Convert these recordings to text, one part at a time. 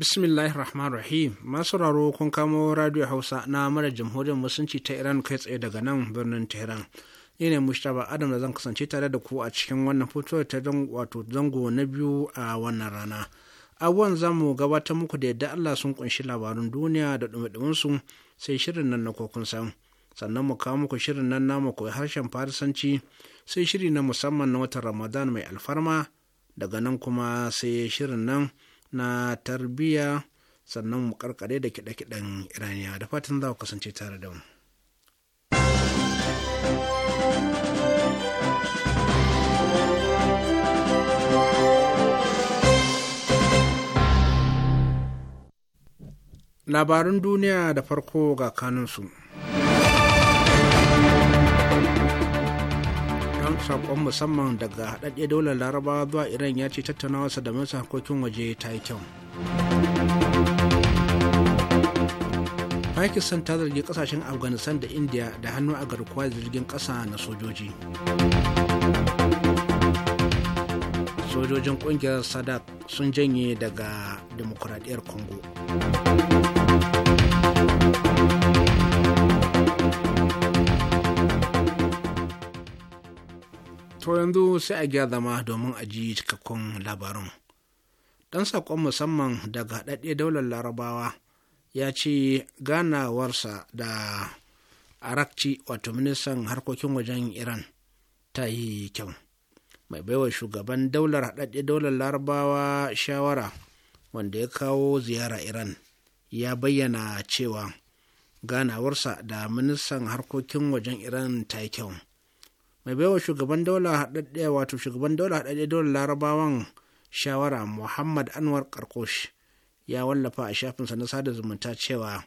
bismillahir rahmanir rahim masu raro kun kamo radio hausa na mara jamhuriyar musulunci ta iran kai tsaye daga nan birnin tehran ni ne mustapha adam da zan kasance tare da ku a cikin wannan fitowar ta wato zango na biyu a wannan rana abubuwan za mu gabatar muku da yadda allah sun kunshi labarun duniya da dumi su sai shirin nan na kokun san sannan mu kawo muku shirin nan namu koyi harshen farisanci sai shiri na musamman na watan ramadan mai alfarma daga nan kuma sai shirin nan na tarbiyya sannan mu karkare da kiɗe-kiɗen iraniya da fatan za ku kasance tare da mu labarun duniya da farko ga kanunsu saƙon musamman daga haɗaɗɗe dole laraba zuwa iran ya ce tattaunawarsa da masu harkokin waje ta yi kyau pakistan ta zargi ƙasashen afghanistan da india da hannu a garkuwa jirgin ƙasa na sojoji sojojin ƙungiyar sadat sun janye daga demokuraɗiyar congo to yanzu sai a gya zama domin a ji cikakkun labarun. ɗan saƙon musamman daga haɗaɗɗe daular larabawa ya ce ganawarsa da arakci wato ministan harkokin wajen iran ta yi kyau mai baiwa shugaban daular haɗaɗɗe daular larabawa shawara wanda ya kawo ziyara iran ya bayyana cewa ganawarsa da ministan harkokin wajen iran ta yi kyau mai baiwa shugaban daula haɗaɗɗe wato shugaban daula haɗaɗɗe dole larabawan shawara muhammad anwar karkosh ya wallafa a shafinsa na sada zumunta cewa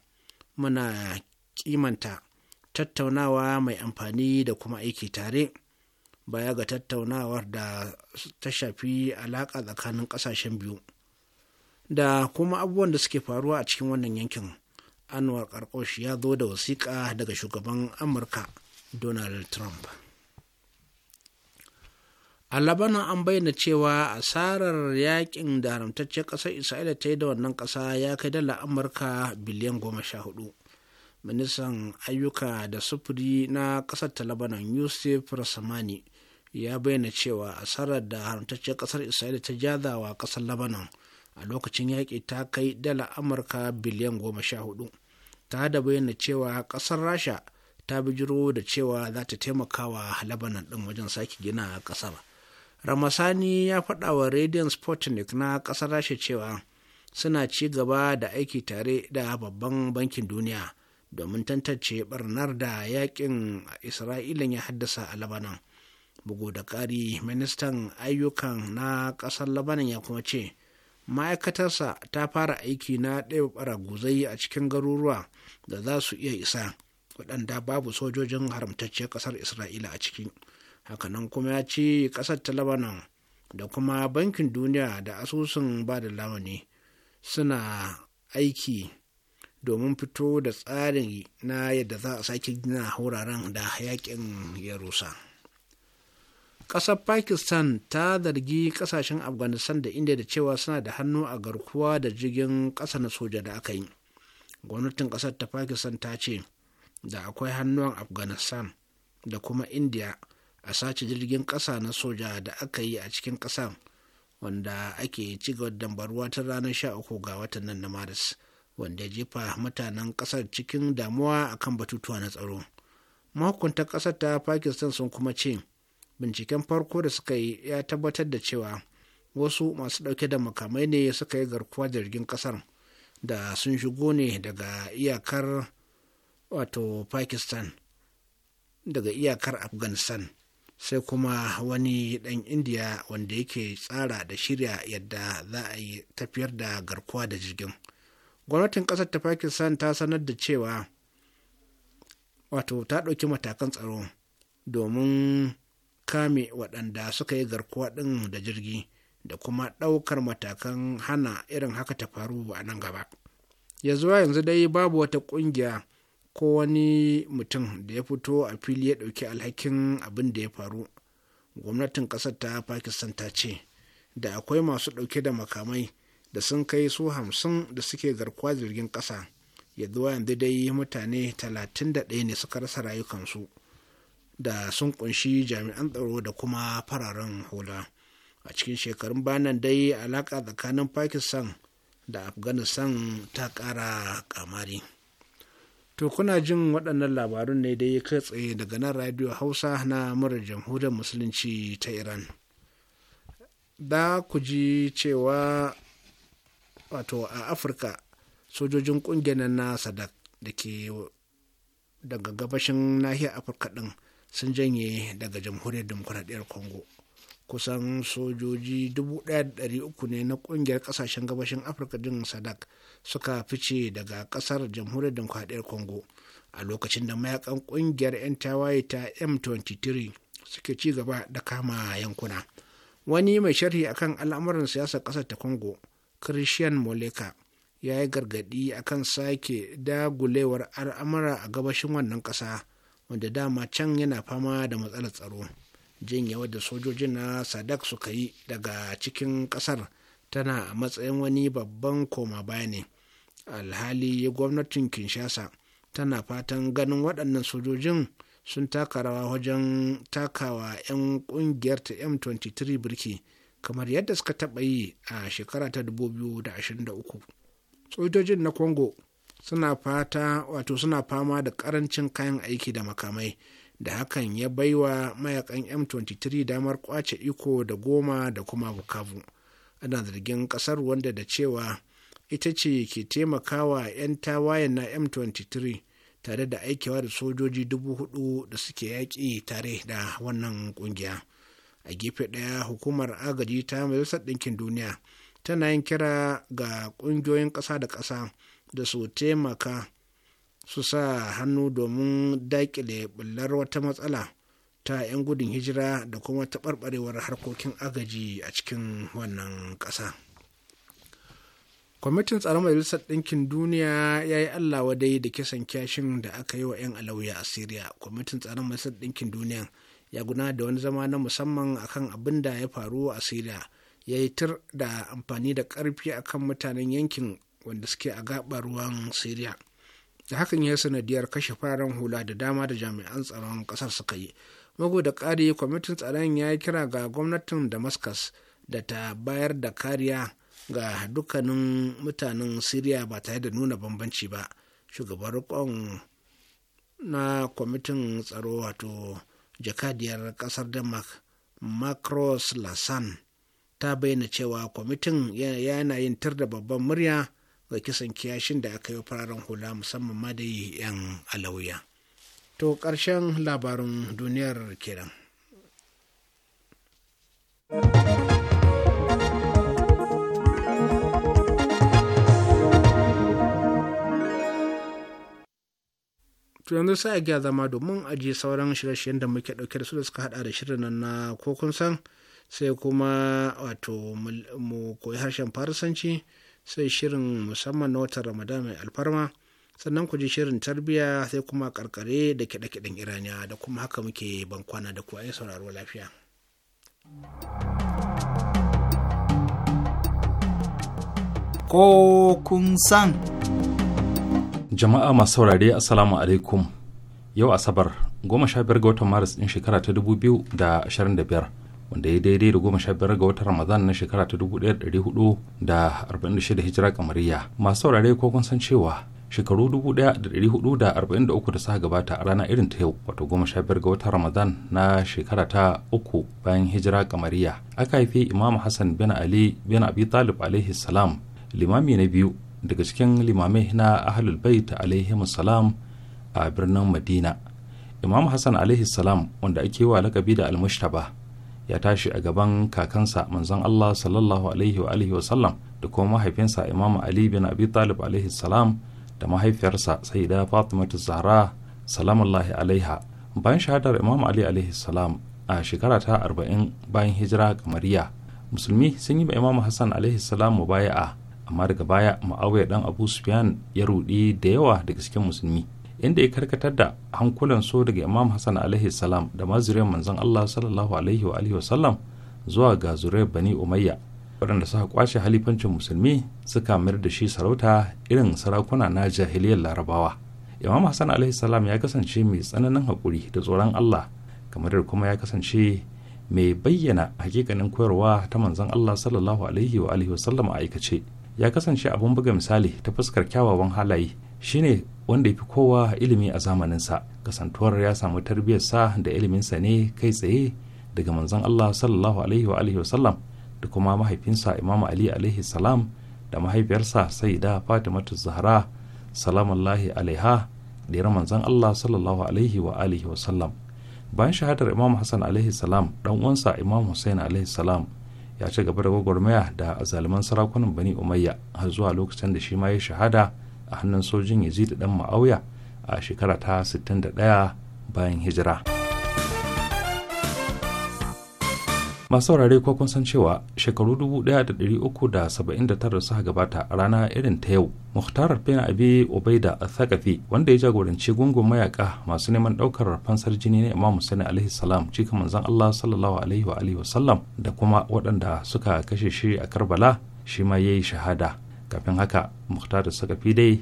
muna kimanta tattaunawa mai amfani da kuma aiki tare baya ga tattaunawar da ta shafi alaƙa tsakanin ƙasashen biyu da kuma abubuwan da suke faruwa a cikin wannan yankin anwar karkosh ya zo da wasiƙa daga shugaban amurka donald trump a an bayyana cewa asarar yakin da haramtacciyar ƙasar isra'ila ta yi da wannan ƙasa ya kai dala amurka biliyan goma sha hudu ministan ayyuka da sufuri na ƙasar ta labanan yusuf rasamani ya bayyana cewa asarar da haramtacciyar ƙasar isra'ila ta jazawa ƙasar labanan a lokacin yaƙi ta kai dala amurka biliyan goma sha hudu ta da bayyana cewa ƙasar rasha ta bijiro da cewa za ta taimaka wa labanan ɗin wajen sake gina ƙasar ramasani ya faɗa wa radion sputnik na ƙasar rasha cewa suna ci gaba da aiki tare da babban bankin duniya domin tantance barnar da yakin isra'ilan ya haddasa a labanan bugu da ƙari ministan ayyukan na ƙasar labanan ya kuma ce ma'aikatarsa ta fara aiki na ɗaya guzai a cikin garuruwa da za su iya isa waɗanda babu sojojin haramtacciyar ƙasar isra'ila a ciki. hakanan kuma ya ce ƙasar ta labanon da kuma bankin duniya da asusun ba da lamani suna aiki domin fito da tsari na yadda za a sake gina wuraren da yakin ya rusa ƙasar pakistan ta zargi ƙasashen afghanistan da india da cewa suna da hannu a garkuwa da jirgin ƙasa na soja da aka yi gwamnatin ƙasar ta pakistan ta ce da akwai hannuwan afghanistan da kuma india a sace jirgin ƙasa na soja da aka yi a cikin ƙasan wanda ake ci gaba da dambarwa ta ranar sha ga watan nan na maris wanda ya jefa mutanen ƙasar cikin damuwa a kan batutuwa na tsaro mahukuntan ƙasar ta pakistan sun kuma ce binciken farko da suka yi ya tabbatar da cewa wasu masu dauke da makamai ne suka yi garkuwa jirgin ƙasar da sun shigo ne daga iyakar wato pakistan daga iyakar afghanistan sai kuma wani ɗan indiya wanda yake tsara da shirya yadda za a yi tafiyar da garkuwa da jirgin gwamnatin ƙasar ta pakistan ta sanar da cewa wato ta ɗauki matakan tsaro domin kame waɗanda suka yi garkuwa ɗin da jirgi da kuma ɗaukar matakan hana irin haka ta faru a nan gaba yanzu dai babu wata ƙungiya ko wani mutum da ya fito a fili ya ɗauki alhakin abin da ya faru gwamnatin ƙasar ta pakistan ta ce da akwai masu ɗauke da makamai da sun kai su hamsin da suke garkuwa jirgin ƙasa yanzu yanzu dai mutane talatin da ɗaya ne suka rasa rayukansu da sun kunshi jami'an tsaro da kuma fararen hula a cikin shekarun banan dai alaƙa tsakanin pakistan da afghanistan ta ƙara ƙamari. To kuna jin waɗannan labarun ne dai kai tsaye daga nan radio Hausa na murar jamhuriyar musulunci ta Iran. Da ku ji cewa wato a Afirka sojojin ƙungiyar na sadak da ke daga gabashin nahiyar Afirka ɗin sun janye daga jamhuriyar demokuraɗiyar Congo. Kusan sojoji 1,300 ne na ƙungiyar ƙasashen gabashin Afirka din sadak. suka fice daga kasar jamhuriyar demokradiyyar congo a lokacin da mayakan kungiyar 'yan tawaye ta m23 suke ci gaba da kama yankuna wani mai sharhi akan al'amuran siyasar kasar ta congo christian moleka ya yi gargadi akan sake dagulewar al'amura a gabashin wannan kasa wanda dama can yana fama da matsalar tsaro jin yawa da sojojin na sadak suka yi daga cikin kasar tana a matsayin wani babban koma baya ne alhali gwamnatin kinshasa tana fatan ganin waɗannan sojojin sun taka rawa wajen takawa 'yan ƙungiyar ta m23 birki kamar yadda suka taɓa yi a shekara ta 2023 sojojin na congo suna fata wato suna fama da ƙarancin kayan aiki da makamai da hakan ya baiwa mayakan m23 damar kwace iko da goma da kuma bukavu ana zargin kasar wanda da cewa ita ce ke taimakawa 'yan tawayen na m23 tare da aikewa da sojoji dubu hudu da suke yaƙi tare da wannan ƙungiya a gefe ɗaya hukumar agaji ta majalisar ɗinkin duniya tana yin kira ga ƙungiyoyin ƙasa da ƙasa da su taimaka su sa hannu domin daƙile ɓullar wata matsala ta 'yan gudun hijira da kuma taɓarɓarewar harkokin agaji a cikin wannan ƙasa. kwamitin tsaron majalisar ɗinkin duniya ya yi allah wadai da kisan kyashin da aka yi wa 'yan alauya a syria kwamitin tsaron majalisar ɗinkin duniya ya guna da wani zama na musamman akan abin da ya faru a syria ya yi tir da amfani da ƙarfi akan mutanen yankin wanda suke a gaɓar ruwan syria da hakan ya sanadiyar kashe fararen hula da dama da jami'an tsaron ƙasar suka yi mugu da ƙari kwamitin tsaron ya yi kira ga gwamnatin damascus da ta bayar da kariya ga dukkanin mutanen siriya ba tare da nuna bambanci ba shugaban rikon na kwamitin tsaro wato jakadiyar kasar denmark macros lasan ta bayyana cewa kwamitin yana yin tar da babban murya ga kisan kiyashin da aka yi fararen hula musamman ma da 'yan alawiya. to karshen labarin duniyar kenan. to yanzu sai a gya zama domin ajiye sauran shirye-shiryen da muke dauke da su da suka hada da shirin nan na kokun san sai kuma wato mu koyi harshen farisanci sai shirin musamman na watan ramadan mai alfarma sannan ku ji shirin tarbiyya sai kuma karkare da kiɗe-kiɗen iraniya da kuma haka muke bankwana da ku a sauraro lafiya. Ko kun san. Jama'a masu saurare Assalamu alaikum. Yau Asabar goma sha biyar ga watan Maris ɗin shekara ta dubu biyu da ashirin da biyar wanda ya daidai da goma sha biyar ga watan Ramadan na shekara ta dubu ɗaya da dari hudu da arba'in da shida hijira kamariya. Masu saurare ko kun san cewa shekaru 1443 da suka gabata a rana irin ta yau wato goma sha biyar ga watan ramadan na shekara ta uku bayan hijira kamariya aka haifi imam hassan bin ali bin abi talib alaihi salam limami na biyu daga cikin limamai na ahlul bait alaihi salam a birnin madina imam hassan alaihi salam wanda ake wa lakabi da almushtaba ya tashi a gaban kakansa manzon Allah sallallahu alaihi wa alihi da kuma mahaifinsa Imam Ali bin Abi Talib alaihi salam da mahaifiyarsa sai sayyida fatimatu zahra salamullahi alaiha bayan shahadar imam ali alaihi salam a shekara ta arba'in bayan hijira ga Mariya musulmi sun yi ba imam hassan alaihi salam mubaya'a amma daga baya Muawiya dan abu sufyan ya rudi da yawa daga cikin musulmi inda ya karkatar da hankulan so daga imam hassan alaihi salam da mazuriyar manzon allah sallallahu alaihi wa alihi zuwa ga zuriyar bani umayya waɗanda suka kwashe halifancin musulmi suka mayar da shi sarauta irin sarakuna na jahiliyar larabawa imam hassan alaihi salam ya kasance mai tsananin haƙuri da tsoron allah kamar da kuma ya kasance mai bayyana hakikanin koyarwa ta manzon allah sallallahu alaihi wa alihi a aikace ya kasance abun buga misali ta fuskar kyawawan halaye shine wanda ya fi kowa ilimi a zamaninsa kasantuwar ya samu tarbiyyarsa da iliminsa ne kai tsaye daga manzon allah sallallahu alaihi wa alihi wasallam da kuma mahaifinsa imamu ali alaihi salam da mahaifiyarsa sai da fatimatu zahra salamallahi alaiha da manzon allah sallallahu alaihi wa alihi wa sallam bayan shahadar imamu hassan alaihi salam dan uwansa imamu hussein alaihi salam ya ci gaba da gwagwarmaya da azaliman sarakunan bani umayya har zuwa lokacin da shi ma ya shahada a hannun sojin yazid dan ma'auya a shekara ta 61 bayan hijira. masu saurare ko kun san cewa shekaru 1379 suka gabata a rana irin ta yau muhtarar fina abi obaida thakafi wanda ya jagoranci gungun mayaka masu neman daukar fansar jini na imam sani alaihi salam cikin manzon allah sallallahu alaihi wa alihi wasallam da kuma waɗanda suka kashe shi a karbala shi ma yi shahada kafin haka muhtar sakafi dai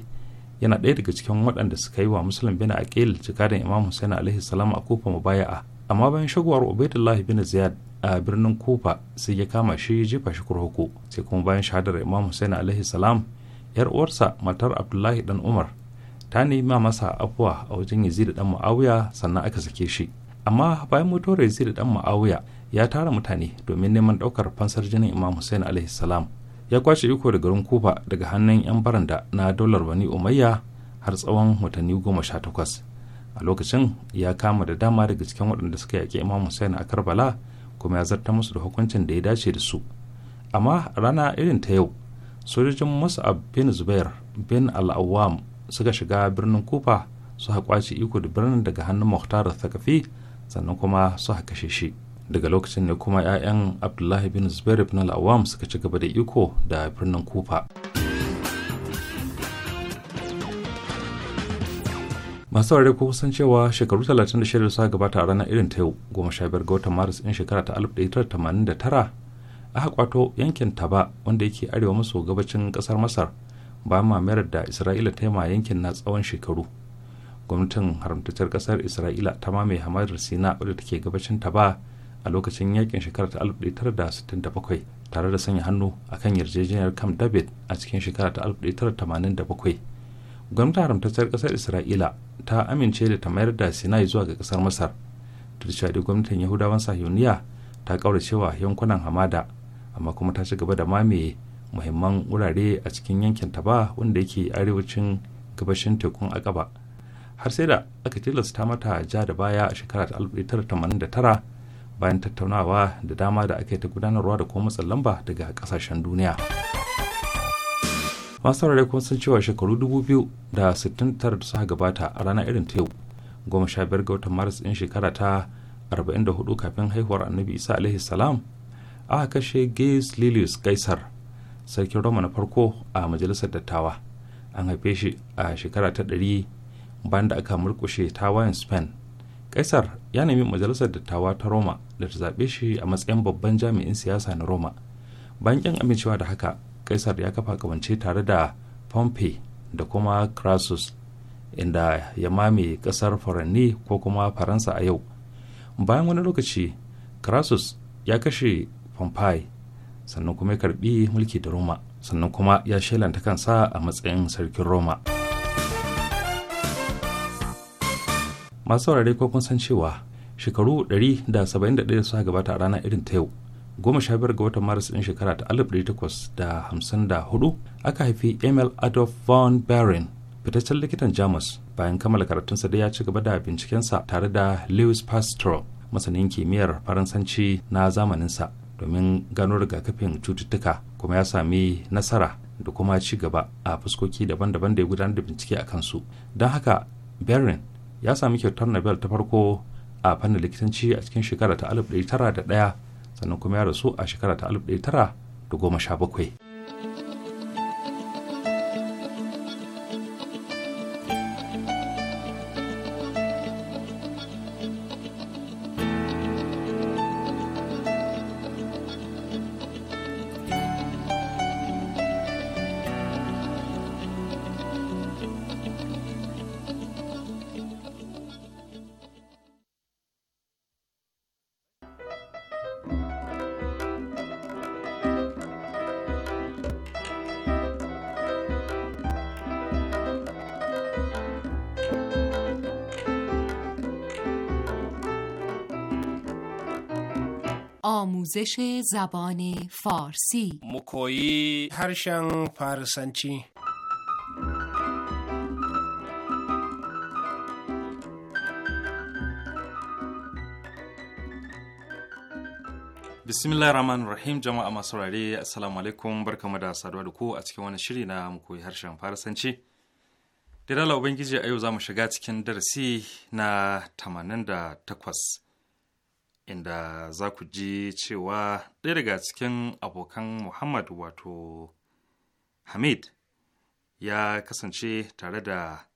yana ɗaya daga cikin waɗanda suka yi wa musulun bin aqil jikadan imam husaini alaihi salam a kofa mubaya'a amma bayan shagowar ubaidullah bin ziyad a birnin kufa sai ya kama shi jefa shi kurkuku sai kuma bayan shahadar imam hussein alaihi salam yar uwarsa matar abdullahi dan umar ta nema masa afuwa a wajen yazid dan muawiya sannan aka sake shi amma bayan mutuwar yazid dan muawiya ya tara mutane domin neman daukar fansar jinin imam hussein alaihi salam ya kwace iko da garin kufa daga hannun yan baranda na daular bani umayya har tsawon watanni goma sha takwas a lokacin ya kama da dama daga cikin waɗanda suka yaƙi imam hussein a karbala kuma ya zarta musu da hukuncin da ya dace da su amma rana irin ta yau sojojin mus'ab bin zubair bin al'awam suka shiga birnin kufa su kwace iko da birnin daga hannun muhtar thakafi sannan kuma su kashe shi daga lokacin ne kuma 'ya'yan abdullahi bin zubair bin al'awam suka ci gaba da iko da birnin kufa. masu saurari ko kusan cewa shekaru 36 da suka gabata a ranar irin ta yau goma sha biyar ga watan maris din shekara ta 1989 aka kwato yankin taba wanda yake arewa maso gabacin kasar masar bayan mamayar da isra'ila ta yankin na tsawon shekaru gwamnatin haramtacciyar kasar isra'ila ta mamaye hamadar sina wadda take gabacin taba a lokacin yakin shekara ta 1967 tare da sanya hannu akan yarjejeniyar camp david a cikin shekara ta 1987 gwamnatin haramtacciyar kasar isra'ila ta amince da ta mayar da sinai zuwa ga kasar masar da shaɗi gwamnatin yahudawan sahiyoniya ta cewa yankunan hamada amma kuma ta ci gaba da mamaye muhimman wurare a cikin yankin ta ba wanda yake arewacin gabashin tekun akaba har sai da aka tilasta mata ja da baya a shekara ta tara bayan tattaunawa da dama da aka yi ta gudanarwa da kuma matsin lamba daga kasashen duniya. masu rarrai kuma sun cewa shekaru dubu biyu da suka gabata a rana irin ta yau goma sha biyar ga watan maris ɗin shekara ta 44 kafin haihuwar annabi isa alaihi salam aka kashe gaius lilius kaisar sarkin roma na farko a majalisar dattawa an haife shi a shekara ta ɗari bayan da aka murkushe tawayen spain kaisar ya nemi majalisar dattawa ta roma da ta zaɓe shi a matsayin babban jami'in siyasa na roma bayan ƙin amincewa da haka kaisar ya kafa kamance tare da pompey da kuma crassus inda ya mame kasar faranni ko kuma faransa a yau bayan wani lokaci crassus ya kashe pompey sannan kuma ya karbi mulki da roma sannan kuma ya shelanta kansa a matsayin sarkin roma masu saurare ko kun san cewa shekaru 171 da suka gabata a ranar irin ta yau goma sha biyar ga watan maris ɗin shekara ta alif takwas da hamsin da hudu aka haifi emil adolf von barin fitaccen likitan jamus bayan kammala karatunsa da ya ci gaba da bincikensa tare da lewis pastor masanin kimiyyar faransanci na zamaninsa domin gano rigakafin cututtuka kuma ya sami nasara da kuma ci gaba a fuskoki daban-daban da ya gudanar da bincike a kansu don haka berin ya sami kyautar nobel ta farko a fannin likitanci a cikin shekara ta da tara ɗaya. sannan kuma ya rasu a shekara ta 1917 آموزش زبان فارسی مکویی هرشن فارسنچی bismillah rahman rahim jama'a masu saurare assalamu alaikum barkamu da saduwa da ku a cikin wani shiri na mu koyi harshen farasanci da dala ubangiji a yau za mu shiga cikin darasi na 88 inda za ku ji cewa ɗaya daga cikin abokan Muhammad wato Hamid ya kasance tare da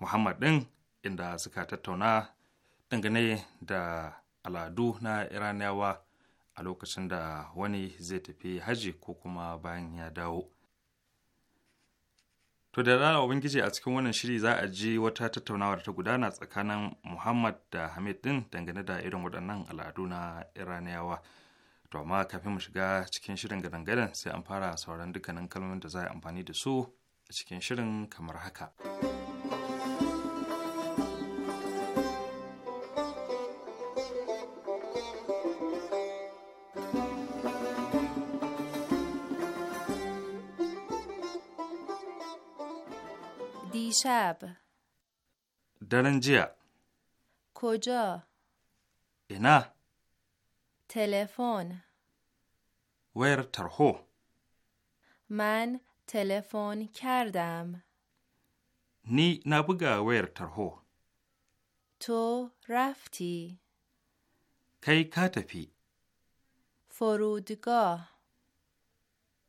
Muhammad ɗin inda suka tattauna dangane da al'adu na Iraniyawa a lokacin da wani zai tafi haji ko kuma bayan ya dawo. To da rana Ubangiji a cikin wannan shiri za a ji wata tattaunawa da ta gudana tsakanin Muhammad da Hamid din dangane da irin waɗannan al'adu na Iraniyawa. To amma kafin mu shiga cikin shirin gadan-gadan sai an fara sauran dukkanin kalmomin da za a yi amfani da su a cikin shirin kamar haka. دیشب دلن جیا کجا اینا تلفن ویر ترهو من تلفن کردم نی نبگا ویر ترهو تو رفتی کی کاتفی فرودگاه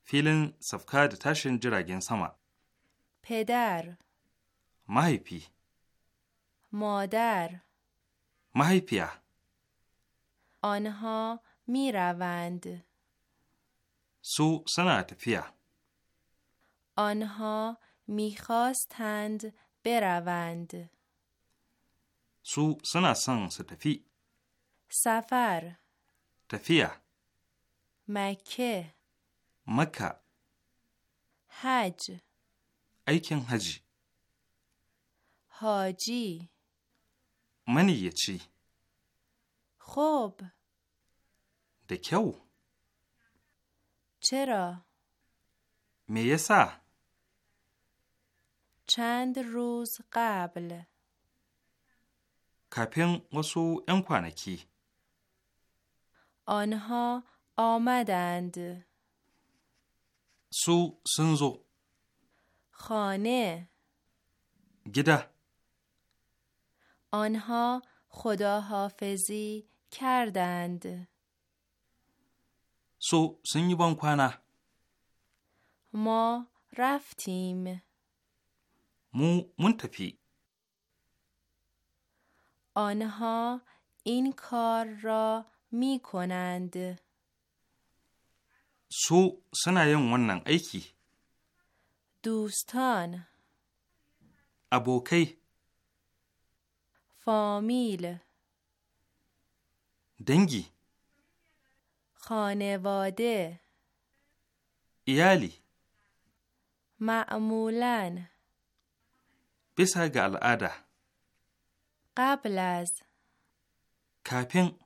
فیلن سفکا تاشن جراگین سما پدر مهیپی مادر مهیپیا آنها می روند سو سنت پیا آنها میخواستند بروند سو سنا سن ستفی سفر تفیا مکه مکه حج ایکن حجی حاجی من یه چی خوب دکو چرا میسا چند روز قبل کپین وسو انکوانکی آنها آمدند سو سنزو خانه گده آنها خداحافظی کردند. سو سنگی کنه؟ ما رفتیم. مو منتفی آنها این کار را می کنند. سو سنایم ونن ایکی دوستان ابوکی فامیل دنگی خانواده ایالی معمولا بس هاگ قبل از کپنگ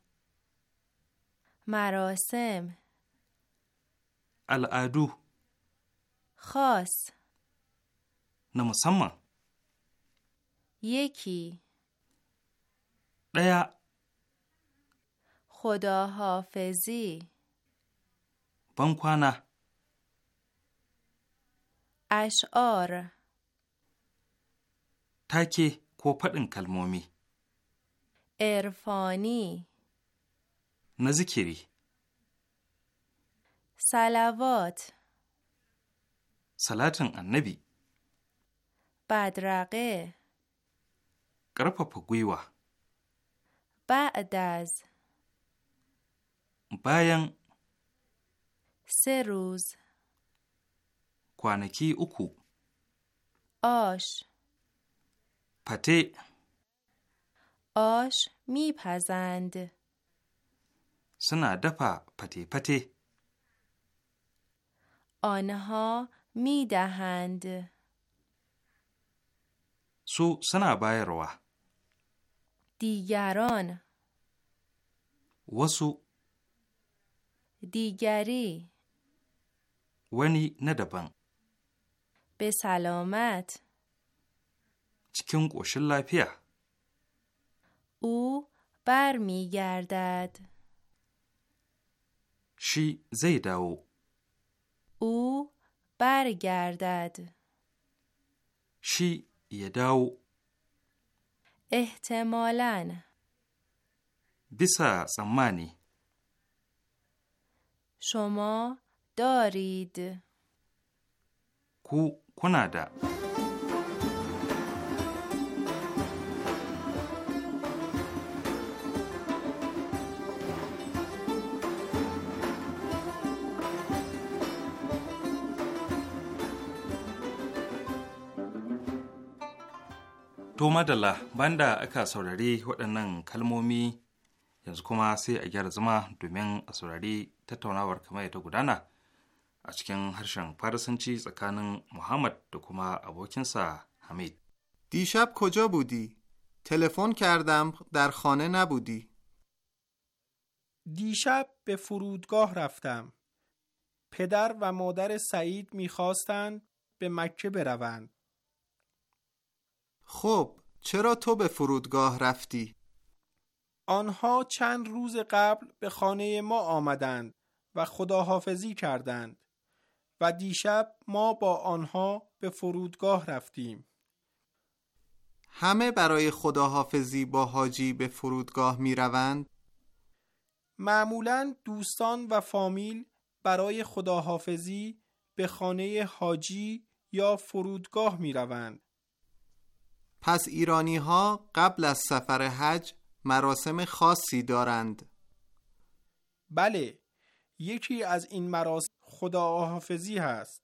مراسم الادو خاص نمسمه یکی ɗaya خداحافظی bankwana اشعار take ko faɗin kalmomi. Irfani Na zikiri. Salawat Salatin annabi. badrage Ƙarfafa gwiwa. ba'da bayan seruz kwanaki uku osh pate osh mi pazand suna dafa pate pate onha mi dahand su suna bayarwa دیگران وسو دیگری ونی ندبن به سلامت چکن قوشن لافیه او بر می گردد شی زیده او او برگردد شی یه داو احتمالاً بیسا سمانی شما دارید کو کنادا To madalla banda aka saurari waɗannan kalmomi yanzu kuma sai a gyara zama domin a saurari tattaunawar kamar ta gudana a cikin harshen Farisanci tsakanin Muhammad da kuma abokinsa Hamid. دیشب کجا بودی؟ تلفن کردم در خانه نبودی. دیشب به فرودگاه رفتم. پدر و مادر سعید میخواستند به مکه بروند. خب چرا تو به فرودگاه رفتی؟ آنها چند روز قبل به خانه ما آمدند و خداحافظی کردند و دیشب ما با آنها به فرودگاه رفتیم. همه برای خداحافظی با حاجی به فرودگاه می روند؟ معمولا دوستان و فامیل برای خداحافظی به خانه حاجی یا فرودگاه می روند. پس ایرانی ها قبل از سفر حج مراسم خاصی دارند بله یکی از این مراسم خداحافظی هست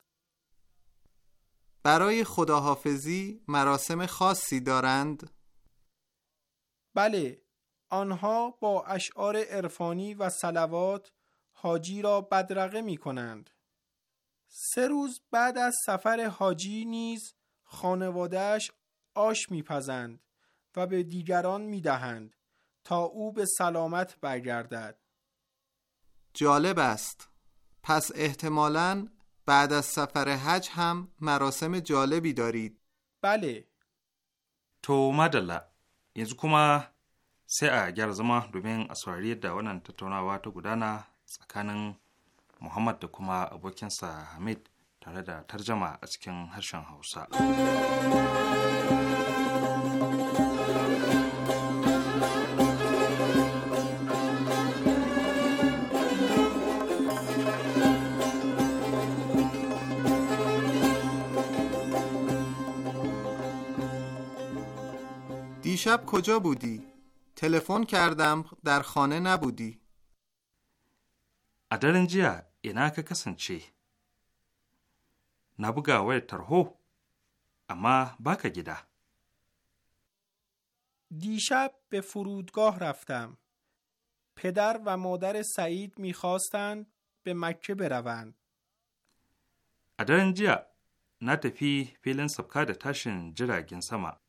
برای خداحافظی مراسم خاصی دارند بله آنها با اشعار عرفانی و سلوات حاجی را بدرقه می کنند سه روز بعد از سفر حاجی نیز خانوادهش آش میپزند و به دیگران میدهند تا او به سلامت برگردد جالب است پس احتمالا بعد از سفر حج هم مراسم جالبی دارید بله تو مدلا یزو کما سی اگر زما دومین اسواری دا ونن تتوناوا تو گدانا سکانن محمد دکومه کما ابوکنسا حمید تره از هرشان دیشب کجا بودی؟ تلفن کردم در خانه نبودی. ادرنجیا، اینا که کسن چی؟ na buga wayar tarho, amma baka gida. دیشب به فرودگاه رفتم. پدر و مادر سعید میخواستند به مکه بروند. ادران جیا نا تفی فیلن سبکا ده تشن جرا سما.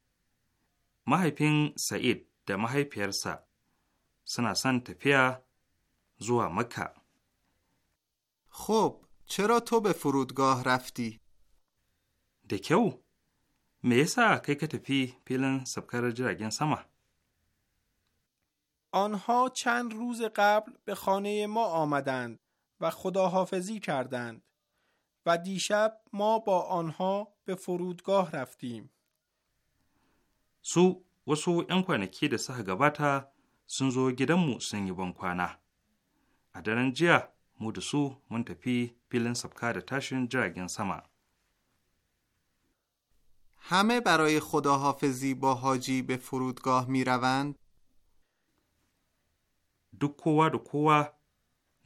ماهی پین سعید ده ماهی پیرسا. سناسان تفیه زوا مکه. خوب چرا تو به فرودگاه رفتی؟ دکه او میسا که که تپی پیلن سبکر جرگین سما آنها چند روز قبل به خانه ما آمدند و خداحافظی کردند و دیشب ما با آنها به فرودگاه رفتیم سو و سو ان که ده سه گواتا سنزو گیدم مو سنگی بانکوانا ادرن جیا مو دسو سو من همه برای خداحافظی با حاجی به فرودگاه می روند؟ دو کووا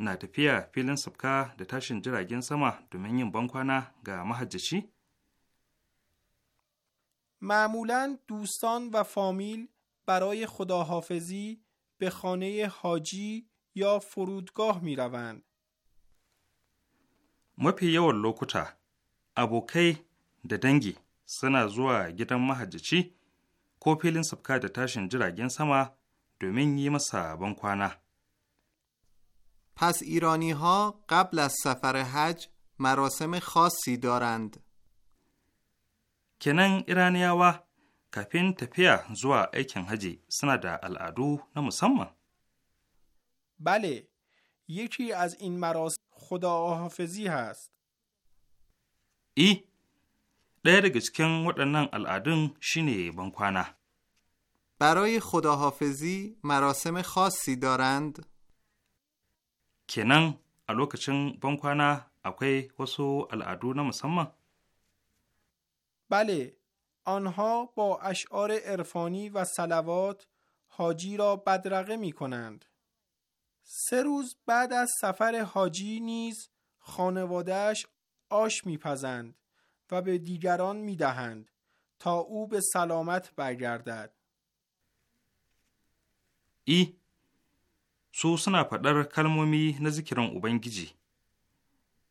na tafiya filin sabka da tashin jiragen sama معمولا دوستان و فامیل برای خداحافظی به خانه حاجی یا فرودگاه می روند. mafi yawan lokuta abokai da dangi suna zuwa gidan mahajjaci ko filin sabka da tashin jiragen sama domin yi masa bankwana. پس ایرانی ها قبل از سفر حج مراسم خاصی دارند. کنن ایرانیاوا کپین تپیا زوا ایکن حجی سند العدو نمسمم. بله یکی از این مراسم خداحافظی هست ای دایر گسکن ودنن الادن شینه بانکوانا برای خداحافظی مراسم خاصی دارند کنن الوکچن بانکوانا اکوی وسو الادو نمسمم بله آنها با اشعار عرفانی و سلوات حاجی را بدرقه می کنند. سه روز بعد از سفر حاجی نیز خانوادهش آش میپزند و به دیگران میدهند تا او به سلامت برگردد. ای سو سنا پدر کلمومی نذکران اوبنگیجی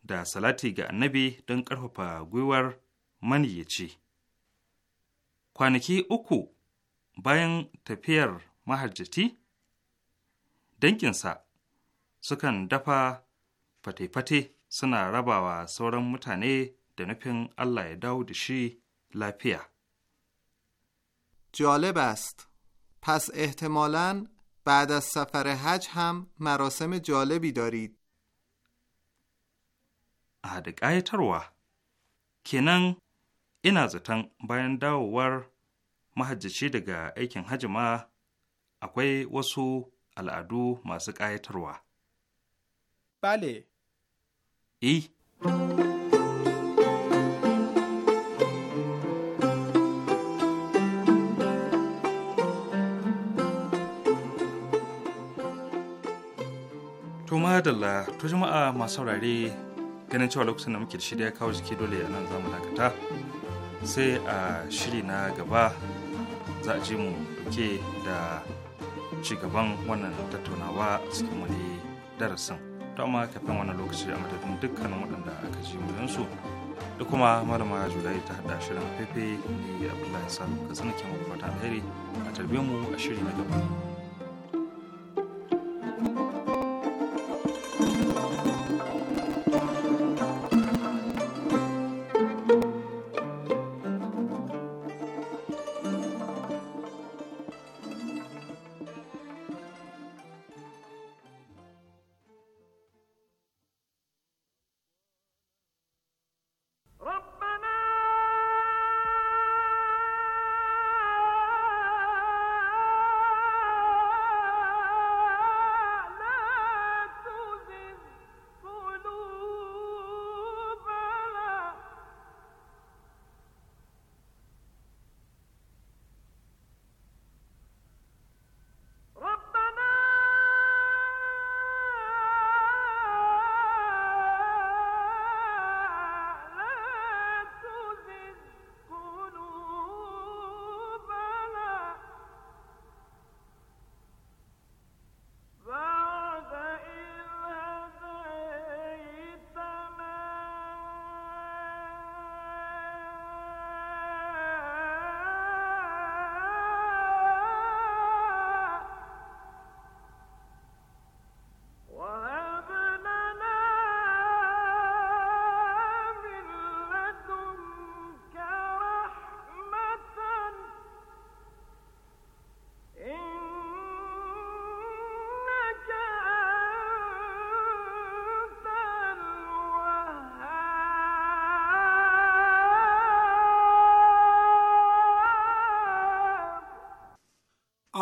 دا سلاتی گا نبی دن پا گویور منی چی کانکی اوکو باین تپیر محجتی danginsa sukan dafa fate-fate suna rabawa sauran mutane da nufin Allah ya dawo da shi lafiya. جالب است. پس احتمالا بعد از سفر حج هم مراسم جالبی دارید. a da ƙayatarwa kenan ina zaton bayan dawowar mahajjaci daga aikin hajima, akwai wasu al'adu masu ƙayatarwa. Bale. E. Tuma Dalla, to jama'a masu saurare ganin cewa lokacin da muke da shirya kawo jiki dole a nan zamu dakata sai a shiri na gaba za a ji mu ke da ci gaban wannan tattaunawa a cikin wani darasin to amma kafin wannan lokaci a madadin dukkanin waɗanda aka ji muryansu da kuma malama julai ta hada shirin fefe ne abdullahi salu ka tsanake mu fata alheri a tarbe mu a shiri na gaba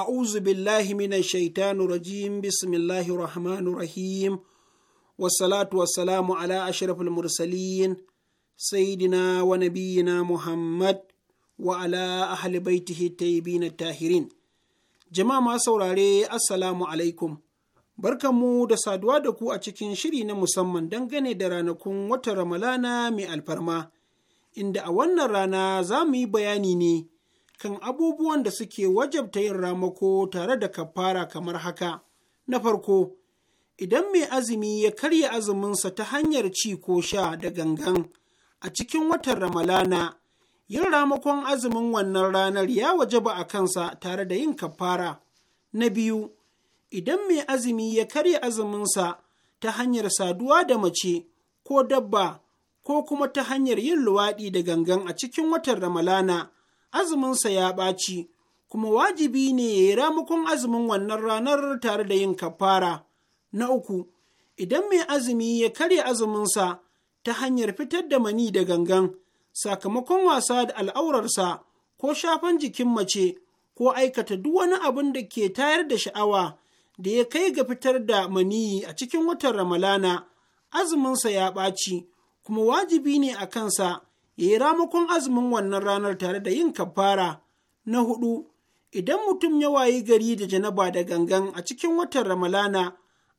a'uzu mina minan shaitanu rajim bismillahi rahmanu rahim wasalatu wasalamu ala ashrafil mursalin sayidina wa nabiyina muhammad wa ala ahli baitihi tayyibin tahirin jama'a ma saurare assalamu alaikum barkanmu da saduwa da ku a cikin shiri na musamman dangane da ranakun watan ramalana mai alfarma inda a wannan rana za mu yi bayani ne kan abubuwan da suke wajabta yin ramako tare da kafara kamar haka. Na farko, idan mai azumi ya karya azuminsa ta hanyar ci ko sha da gangan a cikin watan Ramalana, yin ramakon azumin wannan ranar ya wajaba a kansa tare da yin kafara. Na biyu, idan mai azumi ya karya azuminsa ta hanyar saduwa da mace ko dabba ko kuma ta hanyar yin luwaɗi da gangan a cikin watan Ramalana, azuminsa ya ɓaci, kuma wajibi ne ya yi ramukun azumin wannan ranar tare da yin kafara. Na uku, idan mai azumi ya karya azuminsa ta hanyar fitar da mani da gangan, sakamakon wasa da al'aurarsa ko shafan jikin mace ko aikata duk wani abin da ke tayar da sha'awa da ya kai ga fitar da maniyi a cikin watan Ramalana, azuminsa ya ɓaci, kuma wajibi ne a kansa ya yi ramakon azumin wannan ranar tare da yin kafara na hudu idan mutum ya wayi gari da janaba da gangan a cikin watan ramalana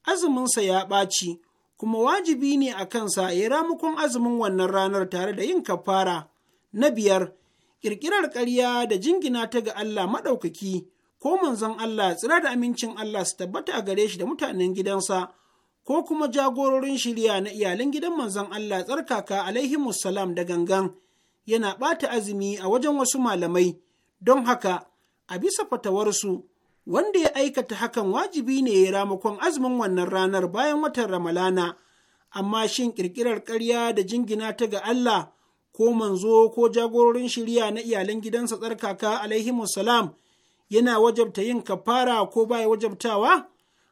azuminsa ya ɓaci kuma wajibi ne a kansa ya ramakon azumin wannan ranar tare da yin kafara na biyar ƙirƙirar ƙarya da jingina ta ga Allah maɗaukaki ko manzon Allah tsira da amincin Allah su tabbata a gare shi da mutanen gidansa ko kuma jagororin shirya na iyalan gidan manzon Allah tsarkaka alaihimussalam da gangan yana ɓata azumi a wajen wasu malamai don haka a bisa fatawarsu wanda ya aikata hakan wajibi ne ya ramakon azumin wannan ranar bayan watan ramalana amma shin ƙirƙirar ƙarya da jingina ta ga Allah ko manzo ko jagororin shirya na iyalan gidansa tsarkaka alaihimussalam yana wajabta yin kafara ko baya wajabtawa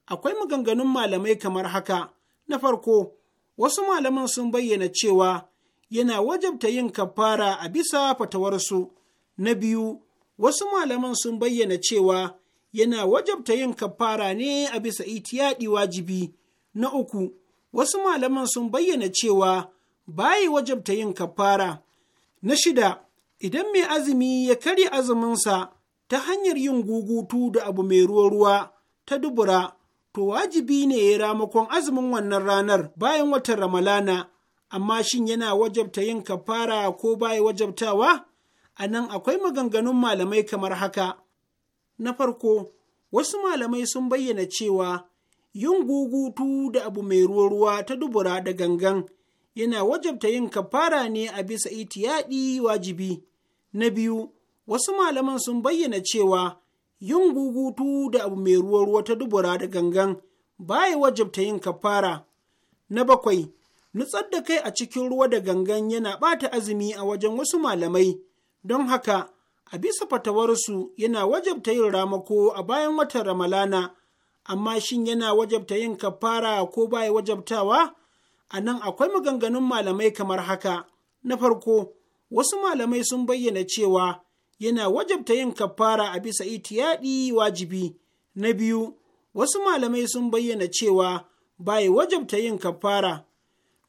akwai maganganun malamai kamar haka na farko wasu malaman sun bayyana cewa yana wajabta yin kafara a bisa fatawarsu na biyu wasu malaman sun bayyana cewa yana wajabta yin kafara ne a bisa itiyadi wajibi na uku wasu malaman sun bayyana cewa bayi wajabta yin kafara na shida idan mai azumi ya karya azuminsa ta hanyar yin gugutu da abu mai ruwa-ruwa ta dubura to wajibi ne ya ramakon azumin wannan ranar bayan watan Ramalana, amma shin yana wajabta yin kafara ko baya wajabtawa? A nan akwai maganganun malamai kamar haka. Na farko, wasu malamai sun bayyana cewa yin gugutu da abu mai ruwa ta dubura da gangan yana wajabta yin kafara ne a bisa itiyaɗi wajibi. Na biyu, wasu malaman sun bayyana cewa yin gugutu da abu mai ruwa ruwa ta dubura da gangan baya wajabta yin kafara na bakwai nutsar da kai a cikin ruwa da gangan yana ɓata azumi a wajen wasu malamai don haka a bisa fatawarsu yana wajabta yin ramako a bayan watan ramalana amma shin yana wajabta yin kafara ko baya wajabtawa a nan akwai maganganun malamai kamar haka na farko wasu malamai sun bayyana cewa yana wajabta yin kafara a bisa itiyaɗi wajibi. Na biyu, wasu malamai sun bayyana cewa baya wajabta yin kafara.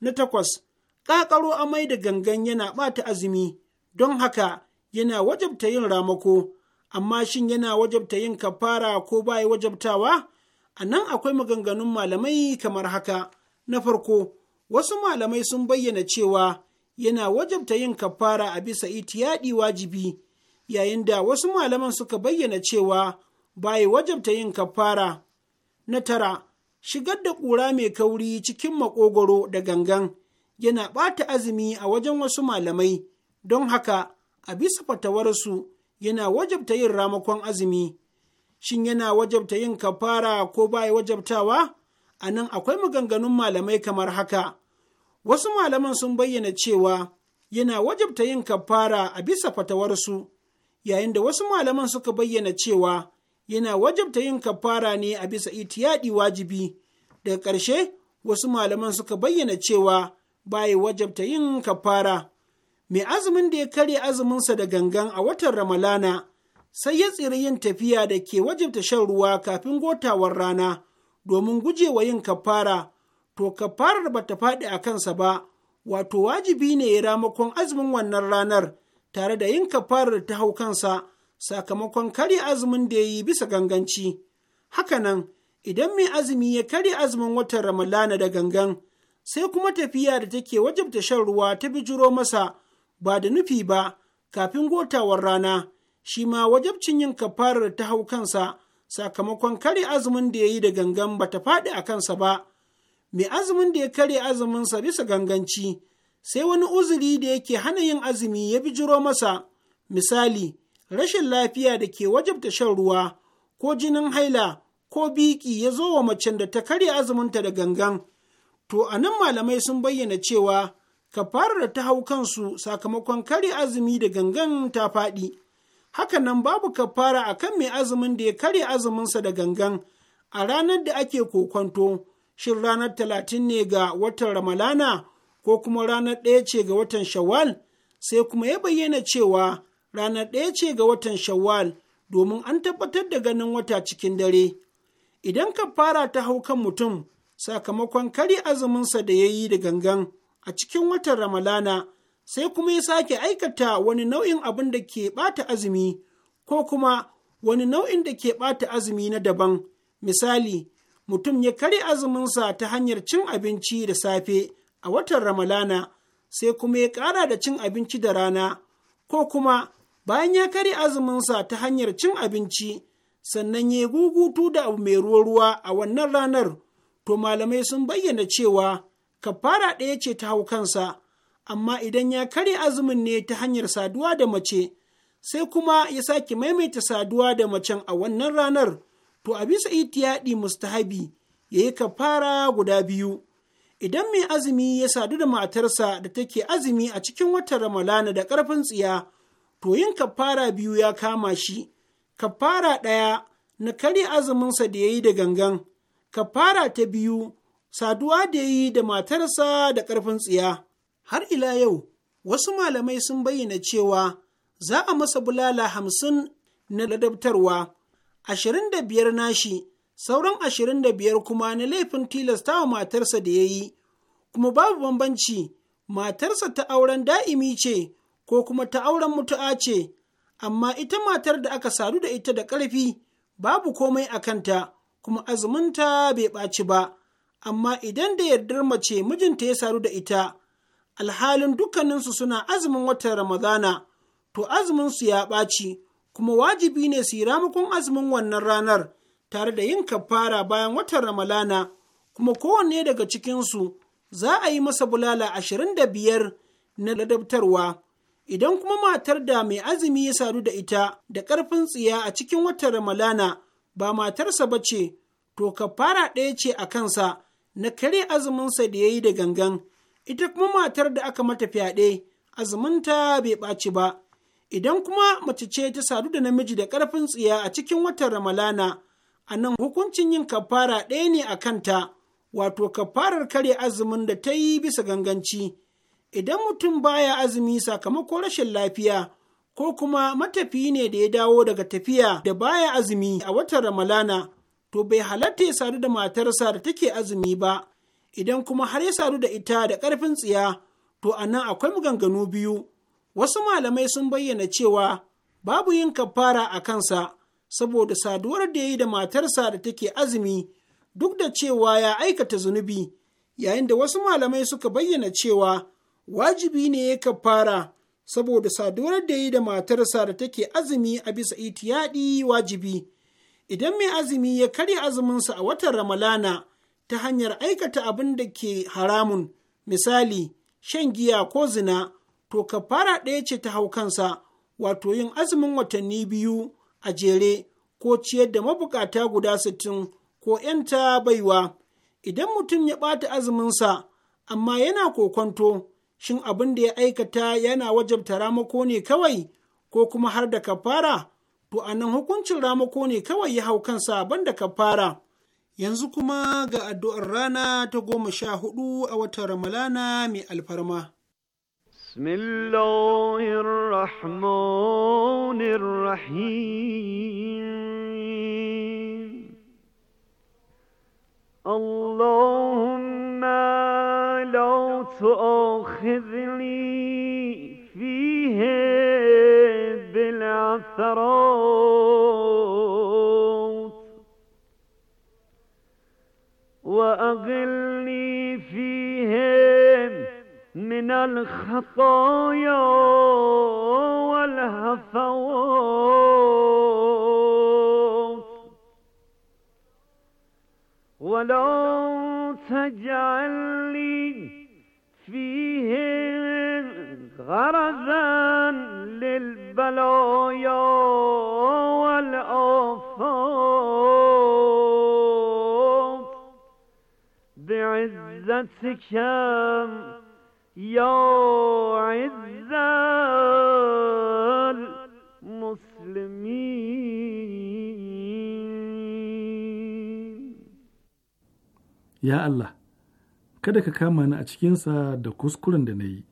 Na takwas, ƙaƙaro amai da gangan yana ɓata azumi, don haka yana wajabta yin ramako, amma shin yana wajabta yin kafara ko baya wajabtawa? A nan akwai maganganun malamai kamar haka. Na farko, wasu malamai sun bayyana cewa yana wajabta yin kafara a bisa itiyaɗi wajibi. yayin da wasu malaman suka bayyana cewa baya wajabta yin kafara. Na tara, shigar da ƙura mai kauri cikin maƙogwaro da gangan yana ɓata azumi a wajen wasu malamai, don haka a bisa fatawarsu yana wajabta yin ramakon azumi. Shin yana wajabta yin kafara ko baya wajabtawa? A nan akwai maganganun malamai kamar haka. Wasu malaman sun bayyana cewa yana wajabta yin kafara a bisa fatawarsu. yayin da wasu malaman suka bayyana cewa yana wajabta yin kafara ne a bisa itiyadi wajibi daga ƙarshe wasu malaman suka bayyana cewa baya wajabta yin kafara mai azumin da ya karya azuminsa da gangan a watan ramalana sai ya tsiri yin tafiya da ke wajabta shan ruwa kafin gotawar rana domin gujewa yin kafara to kafarar ba ta faɗi a kansa ba wato wajibi ne ya ramakon azumin wannan ranar tare da yin kafarar ta hau kansa sakamakon karya azumin da ya yi bisa ganganci. Hakanan, idan mai azumi ya karya azumin watan Ramalana da gangan, sai kuma tafiya da take wajabta shan ruwa ta bijiro masa ba da nufi ba kafin gotawar rana, shi ma wajabcin yin kafarar ta hau kansa sakamakon karya azumin da ya yi da gangan ba ta faɗi a kansa ba. Mai azumin da ya karya azuminsa bisa ganganci, sai wani uzuri da yake hana yin azumi ya bijiro masa, misali, rashin lafiya da ke wajabta shan ruwa, ko jinin haila, ko biki ya zo wa macen da ta karya azuminta da gangan. To, a nan malamai sun bayyana cewa ka fara da ta hau kansu sakamakon karya azumi da gangan ta faɗi. nan babu ka fara a kan mai azumin da ya karya azuminsa da gangan a ranar da ake kokwanto, shin ranar talatin ne ga watan Ramalana. ko kuma ranar ɗaya ce ga watan Shawwal, sai kuma ya bayyana cewa ranar ɗaya ce ga watan Shawwal domin an tabbatar da ganin wata cikin dare. Idan ka fara ta hau kan mutum sakamakon kari azuminsa da ya yi da gangan a cikin watan Ramalana, sai kuma ya sake aikata wani nau'in abin da ke ɓata azumi ko kuma wani nau'in da ke ɓata azumi na daban. Misali, mutum ya kari azuminsa ta hanyar cin abinci da safe a watan Ramalana sai kuma ya ƙara da cin abinci da rana ko kuma bayan ya karya azuminsa ta hanyar cin abinci sannan ya gugutu da abu mai ruwa ruwa a wannan ranar to malamai sun bayyana cewa kafara ɗaya ce ta hau kansa amma idan ya karya azumin ne ta hanyar saduwa da mace sai kuma ya sake maimaita saduwa da macen a wannan ranar to a bisa itiyaɗi mustahabi ya yi kafara guda biyu Idan mai azumi ya sadu da matarsa da take azumi a cikin watan Ramalana da ƙarfin tsiya, to yin kafara biyu ya kama shi, kafara ɗaya na karya azuminsa da ya yi da gangan, kafara ta biyu saduwa da ya yi da matarsa da ƙarfin tsiya. Har ila yau, wasu malamai sun bayyana cewa za a masa bulala hamsin na ladabtarwa, ashirin da biyar nashi sauran ashirin da biyar kuma na laifin tilasta wa matarsa da ya yi, kuma babu bambanci matarsa ta auren da'imi ce ko kuma ta auren mutu'a ce, amma ita matar da aka sadu da ita da ƙarfi babu komai a kanta, kuma azuminta bai ɓaci ba, amma idan da yardar mace mijinta ya sadu da ita, alhalin dukkaninsu suna azumin watan Ramadana, to azuminsu ya ɓaci, kuma wajibi ne su yi ramakon azumin wannan ranar. tare da yin kafara bayan watan Ramalana, kuma kowanne daga cikinsu za a yi masa bulala ashirin da biyar na ladabtarwa. Idan kuma matar da mai azumi ya sadu da ita da ƙarfin tsiya a cikin watan Ramalana ba matarsa ba ce, to kafara ɗaya ce a kansa na kare azuminsa da ya yi da gangan. Ita kuma matar da aka mata fyaɗe, azuminta bai ɓaci ba. Idan kuma mace ce ta sadu da namiji da ƙarfin tsiya a cikin watan Ramalana, a nan hukuncin yin kafara ɗaya ne a kanta, wato kafarar kare azumin da ta yi bisa ganganci. Idan mutum baya azumi sakamakon rashin lafiya, ko kuma matafiyi ne da ya dawo daga tafiya da baya azumi a watan Ramalana, to bai halatta ya sadu da matarsa da take azumi ba, idan kuma har ya sadu da ita da ƙarfin tsiya, to a nan akwai maganganu biyu. Wasu malamai sun bayyana cewa babu yin kafara a kansa. saboda saduwar da ya yi da matarsa da take azumi duk da cewa ya aikata zunubi yayin da wasu malamai suka bayyana cewa wajibi ne ya kafara saboda saduwar da ya yi da matarsa da take azumi a bisa itiyadi wajibi idan mai azumi ya karya azuminsa a watan ramalana ta hanyar aikata abin da ke haramun misali shan giya ko zina to kafara ɗaya ce ta hau kansa wato yin azumin watanni biyu a jere ko ciyar da mabukata guda sittin ko ‘yanta baiwa, idan mutum ya ɓata azuminsa, amma yana kokonto, shin abin da ya aikata yana wajabta ramako ne kawai, ko kuma har da kafara, to a nan hukuncin ramako ne kawai ya hau kansa ban da kafara. Yanzu kuma ga addu'ar rana ta goma sha hudu a watan Ramalana mai alfarma. بسم الله الرحمن الرحيم اللهم لا تؤاخذني فيه بالعثرات وأغلني فيهم من الخطايا والهفوات ولا تجعل لي فيه غرزا للبلايا والآفات بعزتك يا عز المسلمين يا الله kada ka kama ni a cikinsa da kuskuren da na yi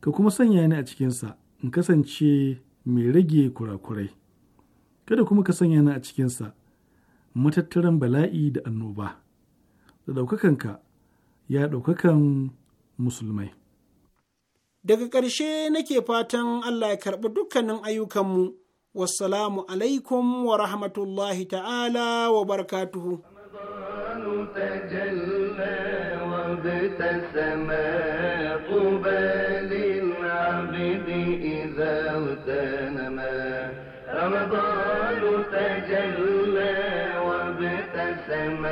ka kuma sanya ni a cikinsa in kasance mai rage kurakurai kada kuma ka sanya ni a cikinsa matattaran bala'i da annoba da ɗaukakanka ya ɗaukakan musulmai. Daga ƙarshe nake fatan Allah ya karɓi dukkanin ayyukanmu. Wassalamu alaikum wa rahmatullahi ta'ala wa barakatuhu. رمضان تجلى وابتسم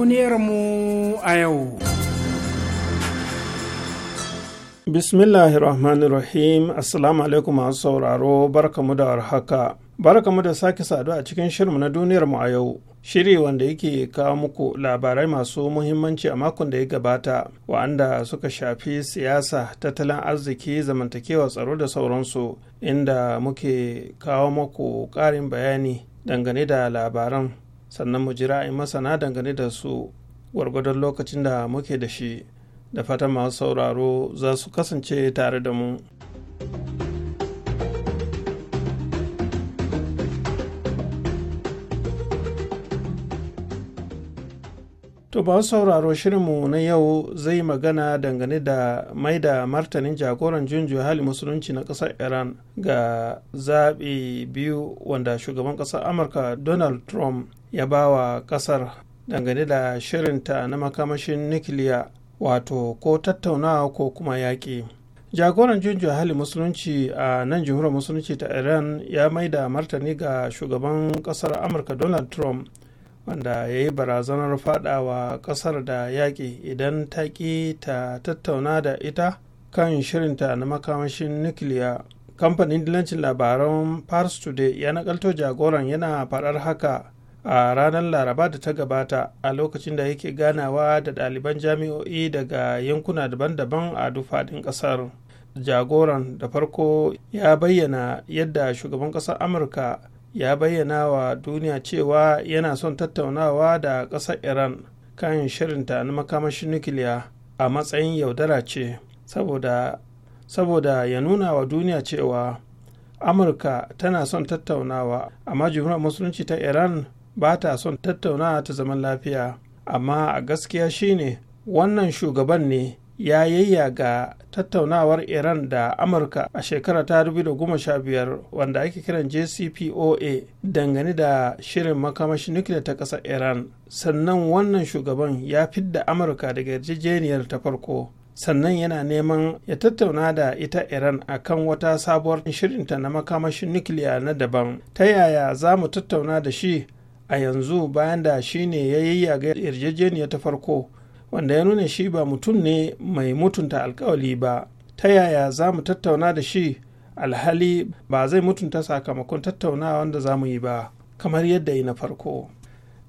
duniyarmu a yau. Bismillahirrahmanirrahim Assalamu alaikum masu sauraro barkamu da warhaka. Barkamu da sake sadu a cikin shirinmu na duniyarmu a yau. Shiri wanda yake kawo muku labarai masu muhimmanci a makon da ya gabata, wa'anda suka shafi siyasa, tattalin arziki, zamantakewa tsaro da sauransu, inda muke kawo muku ƙarin bayani dangane da labaran sannan mu jira in masana dangane da su gwargwadon lokacin da muke da shi da fatan masu sauraro za su kasance tare da mu. To ba sauraro shirinmu na yau zai magana dangane da mai da martanin jagoran junju hali musulunci na ƙasar Iran ga zaɓe biyu wanda shugaban ƙasar Amurka Donald Trump ya ba wa kasar dangane da shirinta na makamashin nukiliya wato ko tattaunawa ko kuma yaƙi jagoran junjo hali musulunci a nan jamhuriyar musulunci ta iran ya maida martani ga shugaban kasar amurka donald trump wanda ya yi barazanar wa kasar da yaƙi idan ta ƙi ta tattauna da ita kan shirinta na makamashin nukiliya kamfanin dilancin labaran pars today ya nakalto jagoran yana faɗar haka a ranar laraba da ta gabata a lokacin da yake ganawa da ɗaliban jami'o'i daga yankuna daban-daban a duk faɗin ƙasar jagoran da farko ya bayyana yadda shugaban ƙasar amurka ya bayyana wa duniya cewa yana son tattaunawa da ƙasar iran kan shirinta na makamashin nukiliya a matsayin yaudara ce saboda, ya nuna wa duniya cewa amurka tana son tattaunawa amma jihunan musulunci ta iran ba ta son tattaunawa ta zaman lafiya amma a gaskiya shine wannan shugaban ne ya yayya ga tattaunawar iran da amurka a shekara ta 2015 wanda ake kiran jcpoa dangane da shirin makamashi nukiliya ta kasar iran sannan wannan shugaban ya fidda amurka daga yarjejeniyar ta farko sannan yana neman ya tattauna da ita iran akan wata sabuwar shirinta na makamashin nukiliya na daban ta yaya za mu tattauna da shi a yanzu bayan da shi ne ya yayyaga yarjejeniya ta farko wanda ya nuna shi ba mutum ne mai mutunta alkawali ba ta yaya za mu tattauna da shi alhali ba zai mutunta sakamakon tattaunawa wanda za mu yi ba kamar yadda yi na farko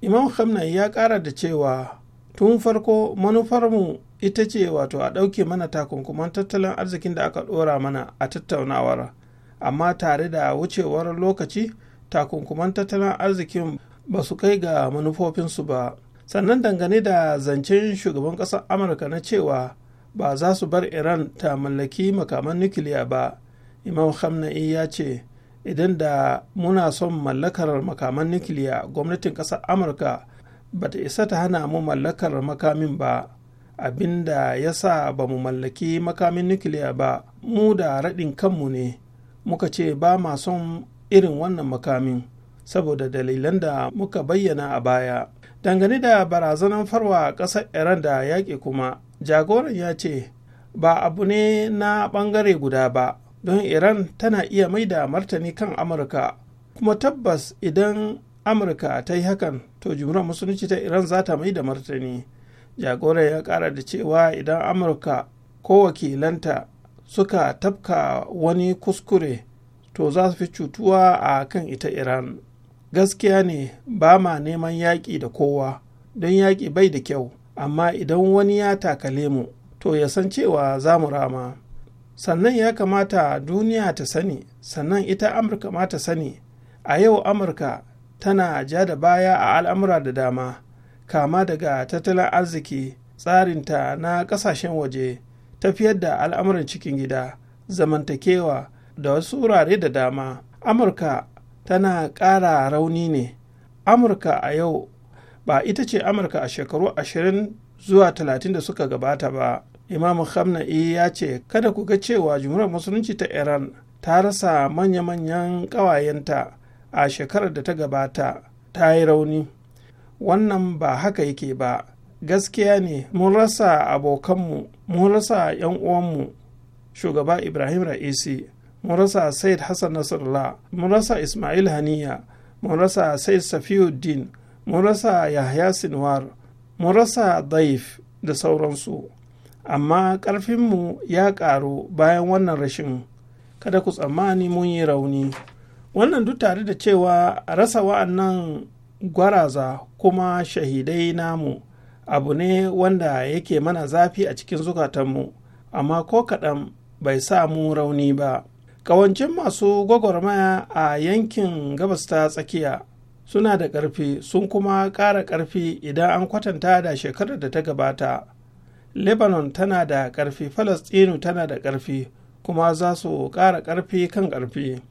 imam hamnan ya kara da cewa tun farko manufarmu ita ce wato a ɗauke mana takunkuman tattalin arzikin da aka ɗora mana a tattaunawar amma tare da wucewar lokaci takunkuman tattalin arzikin ba su kai ga manufofinsu ba sannan dangane da zancen shugaban ƙasar amurka na cewa ba za su bar iran ta mallaki makaman nukiliya ba imam khamenei ya ce idan da muna son mallakar makaman nukiliya gwamnatin ƙasar amurka ba ta isa ta hana mu mallakar makamin ba abinda ya sa ba mu mallaki makamin nukiliya ba mu da raɗin kanmu ne muka ce ba ma son irin wannan makamin saboda dalilan da muka bayyana a baya dangane da barazanan farwa ƙasar iran da yaƙi kuma jagoran ya ce ba abu ne na ɓangare guda ba don iran tana iya mai da martani kan amurka kuma tabbas idan amurka ta yi hakan to jimuran musulunci ta iran za ta mai da martani jagoran ya ƙara da cewa idan amurka ko wakilanta suka tafka wani kuskure to za su fi cutuwa a kan ita iran gaskiya ne ba ma neman yaƙi da kowa don yaƙi bai da kyau amma idan wani ya takale mu to ya san cewa za mu rama sannan ya kamata duniya ta sani sannan ita amurka ma ta sani a yau amurka tana ja da baya a al'amura da dama kama daga tattalin arziki tsarinta na ƙasashen waje tafiyar da al'amuran cikin gida zamantakewa da wasu wurare da dama amurka tana ƙara rauni ne amurka a yau ba ita ce amurka a shekaru 20 zuwa 30 da suka gabata ba imam khamna'i ya ce kada ku ga cewa jumhuriyar musulunci ta iran ta rasa manya-manyan ƙawayenta a shekarar da ta gabata ta yi rauni wannan ba haka yake ba gaskiya ne mun rasa abokanmu mun rasa 'yan uwanmu shugaba ibrahim ra'isi mun rasa said hassan Nasrallah, mun rasa ismail haniya mun rasa said safiuddin mun rasa yahya sinwar mun rasa daif da sauransu amma ƙarfinmu ya ƙaru bayan wannan rashin kada ku tsammani mun yi rauni wannan duk tare da cewa rasa wa'annan gwaraza kuma shahidai namu abu ne wanda yake mana zafi a cikin zukatanmu amma ko kaɗan bai sa mu rauni ba kawancin masu gwagwarmaya a yankin gabas ta tsakiya suna da ƙarfi sun kuma ƙara ƙarfi idan an kwatanta da shekarar da ta gabata lebanon tana da ƙarfi falastinu tana da ƙarfi kuma za su ƙara ƙarfi kan ƙarfi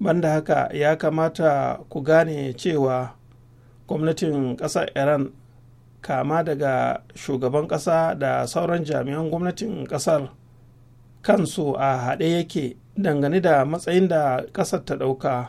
banda haka ya kamata ku gane cewa gwamnatin ƙasar iran kama daga shugaban ƙasa da sauran jami'an gwamnatin ƙasar kansu a haɗe yake dangane da matsayin da ƙasar ta ɗauka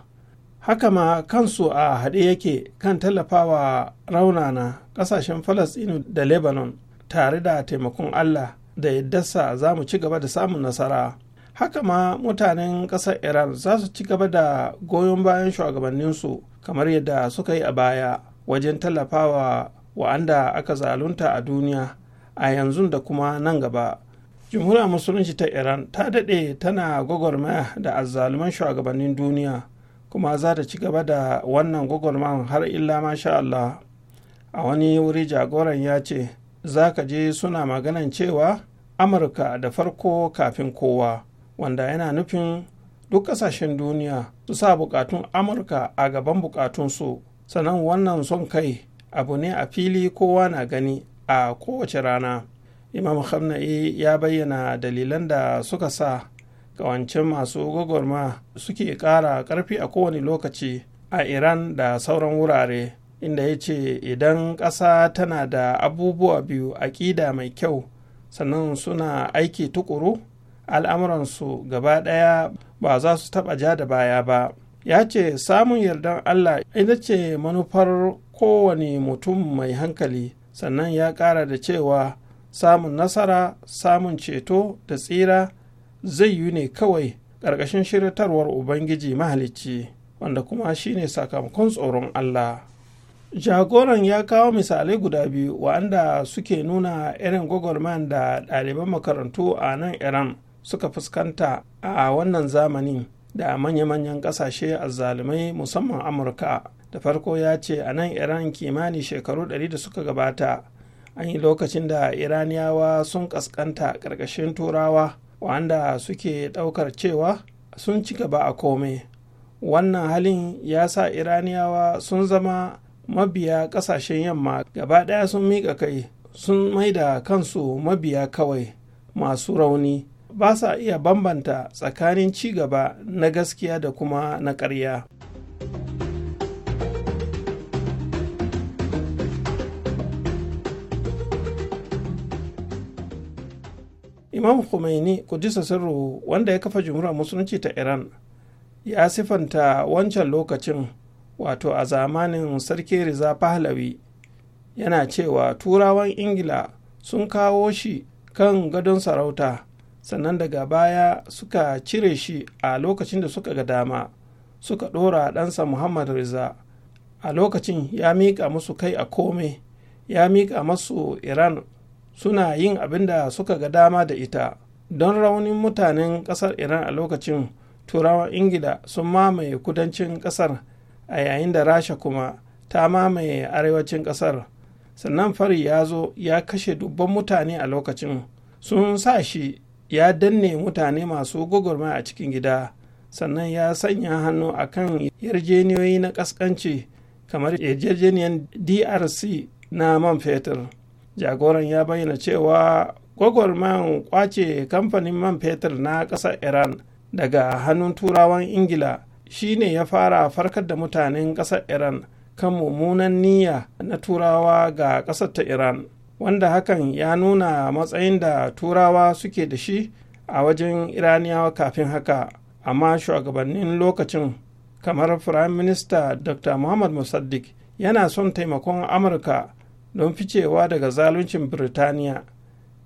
haka ma kansu a haɗe yake kan tallafawa raunana ƙasashen falasɗinu da lebanon tare da taimakon allah da yaddarsa za mu ci gaba da samun nasara haka ma mutanen ƙasar iran za su ci gaba da goyon bayan shugabanninsu kamar yadda suka yi a baya wajen tallafawa wa'anda aka zalunta a duniya a yanzu da kuma nan gaba jumhuriyar musulunci ta iran ta daɗe tana gwagwarmaya da azzaluman shugabannin duniya kuma za ta ci gaba da wannan gwagwarmayar har illa masha Allah a wani wuri jagoran ya ce za ka je suna maganan cewa amurka da farko kafin kowa wanda yana nufin duk ƙasashen duniya su sa bukatun amurka a gaban bukatunsu sannan wannan son kai abu ne a fili kowa na gani a kowace rana imam khamna'i ya bayyana dalilan da suka sa kawancin masu gwagwarma suke ƙara ƙarfi a kowane lokaci a iran da sauran wurare inda ya ce idan ƙasa tana da abubuwa biyu aƙida mai kyau sannan suna aiki tukuru al'amuransu gaba ɗaya ba za su taɓa ja da baya ba ya ce samun yardan allah ita ce manufar kowane mutum mai hankali sannan ya ƙara da cewa samun nasara samun ceto da tsira zai yi ne kawai ƙarƙashin shiritarwar ubangiji mahalicci wanda kuma shine sakamakon tsoron allah jagoran ya kawo misalai guda biyu wa'anda suke nuna irin gwagwarmayar da ɗaliban makarantu a nan iran suka fuskanta a wannan zamani da manya-manyan ƙasashe azzalumai musamman amurka da farko ya ce a nan iran kimanin shekaru 100 da suka gabata an yi lokacin da iraniyawa sun kaskanta ƙarƙashin turawa wanda suke ɗaukar cewa sun ci gaba a komai wannan halin ya sa iraniyawa sun zama mabiya ƙasashen yamma gaba ɗaya sun miƙa kai sun maida kansu mabiya kawai masu rauni ba sa iya bambanta tsakanin ci gaba na gaskiya da kuma na ƙarya. imam khomeini kudisa sirru wanda ya kafa jumhuriyar musulunci ta iran ya sifanta wancan lokacin wato a zamanin sarki riza pahlavi yana cewa turawan ingila sun kawo shi kan gadon sarauta sannan daga baya suka cire shi a lokacin da suka ga dama suka ɗora ɗansa muhammad riza a lokacin ya miƙa musu kai a kome ya miƙa masu iran suna yin abin da suka ga dama da ita don raunin mutanen kasar iran a lokacin turawan ingila sun mamaye kudancin kasar a yayin da rasha kuma ta mamaye arewacin kasar sannan fari ya zo ya kashe dubban mutane a lokacin sun sa shi ya danne mutane masu gwagwarmaya a cikin gida sannan ya sanya hannu a kan yarjeniyoyi na kaskanci kamar yarjejeniyar drc na man fetur jagoran ya bayyana cewa gwagwarmayan kwace kamfanin man fetur na ƙasar iran daga hannun turawan ingila shine ya fara farkar da mutanen ƙasar iran kan mummunan niyya na turawa ga ƙasar ta iran wanda hakan ya nuna matsayin da turawa suke da shi a wajen iraniyawa kafin haka amma shugabannin lokacin kamar firayim minista dr muhammad musaddiq yana son taimakon amurka don ficewa daga zaluncin birtaniya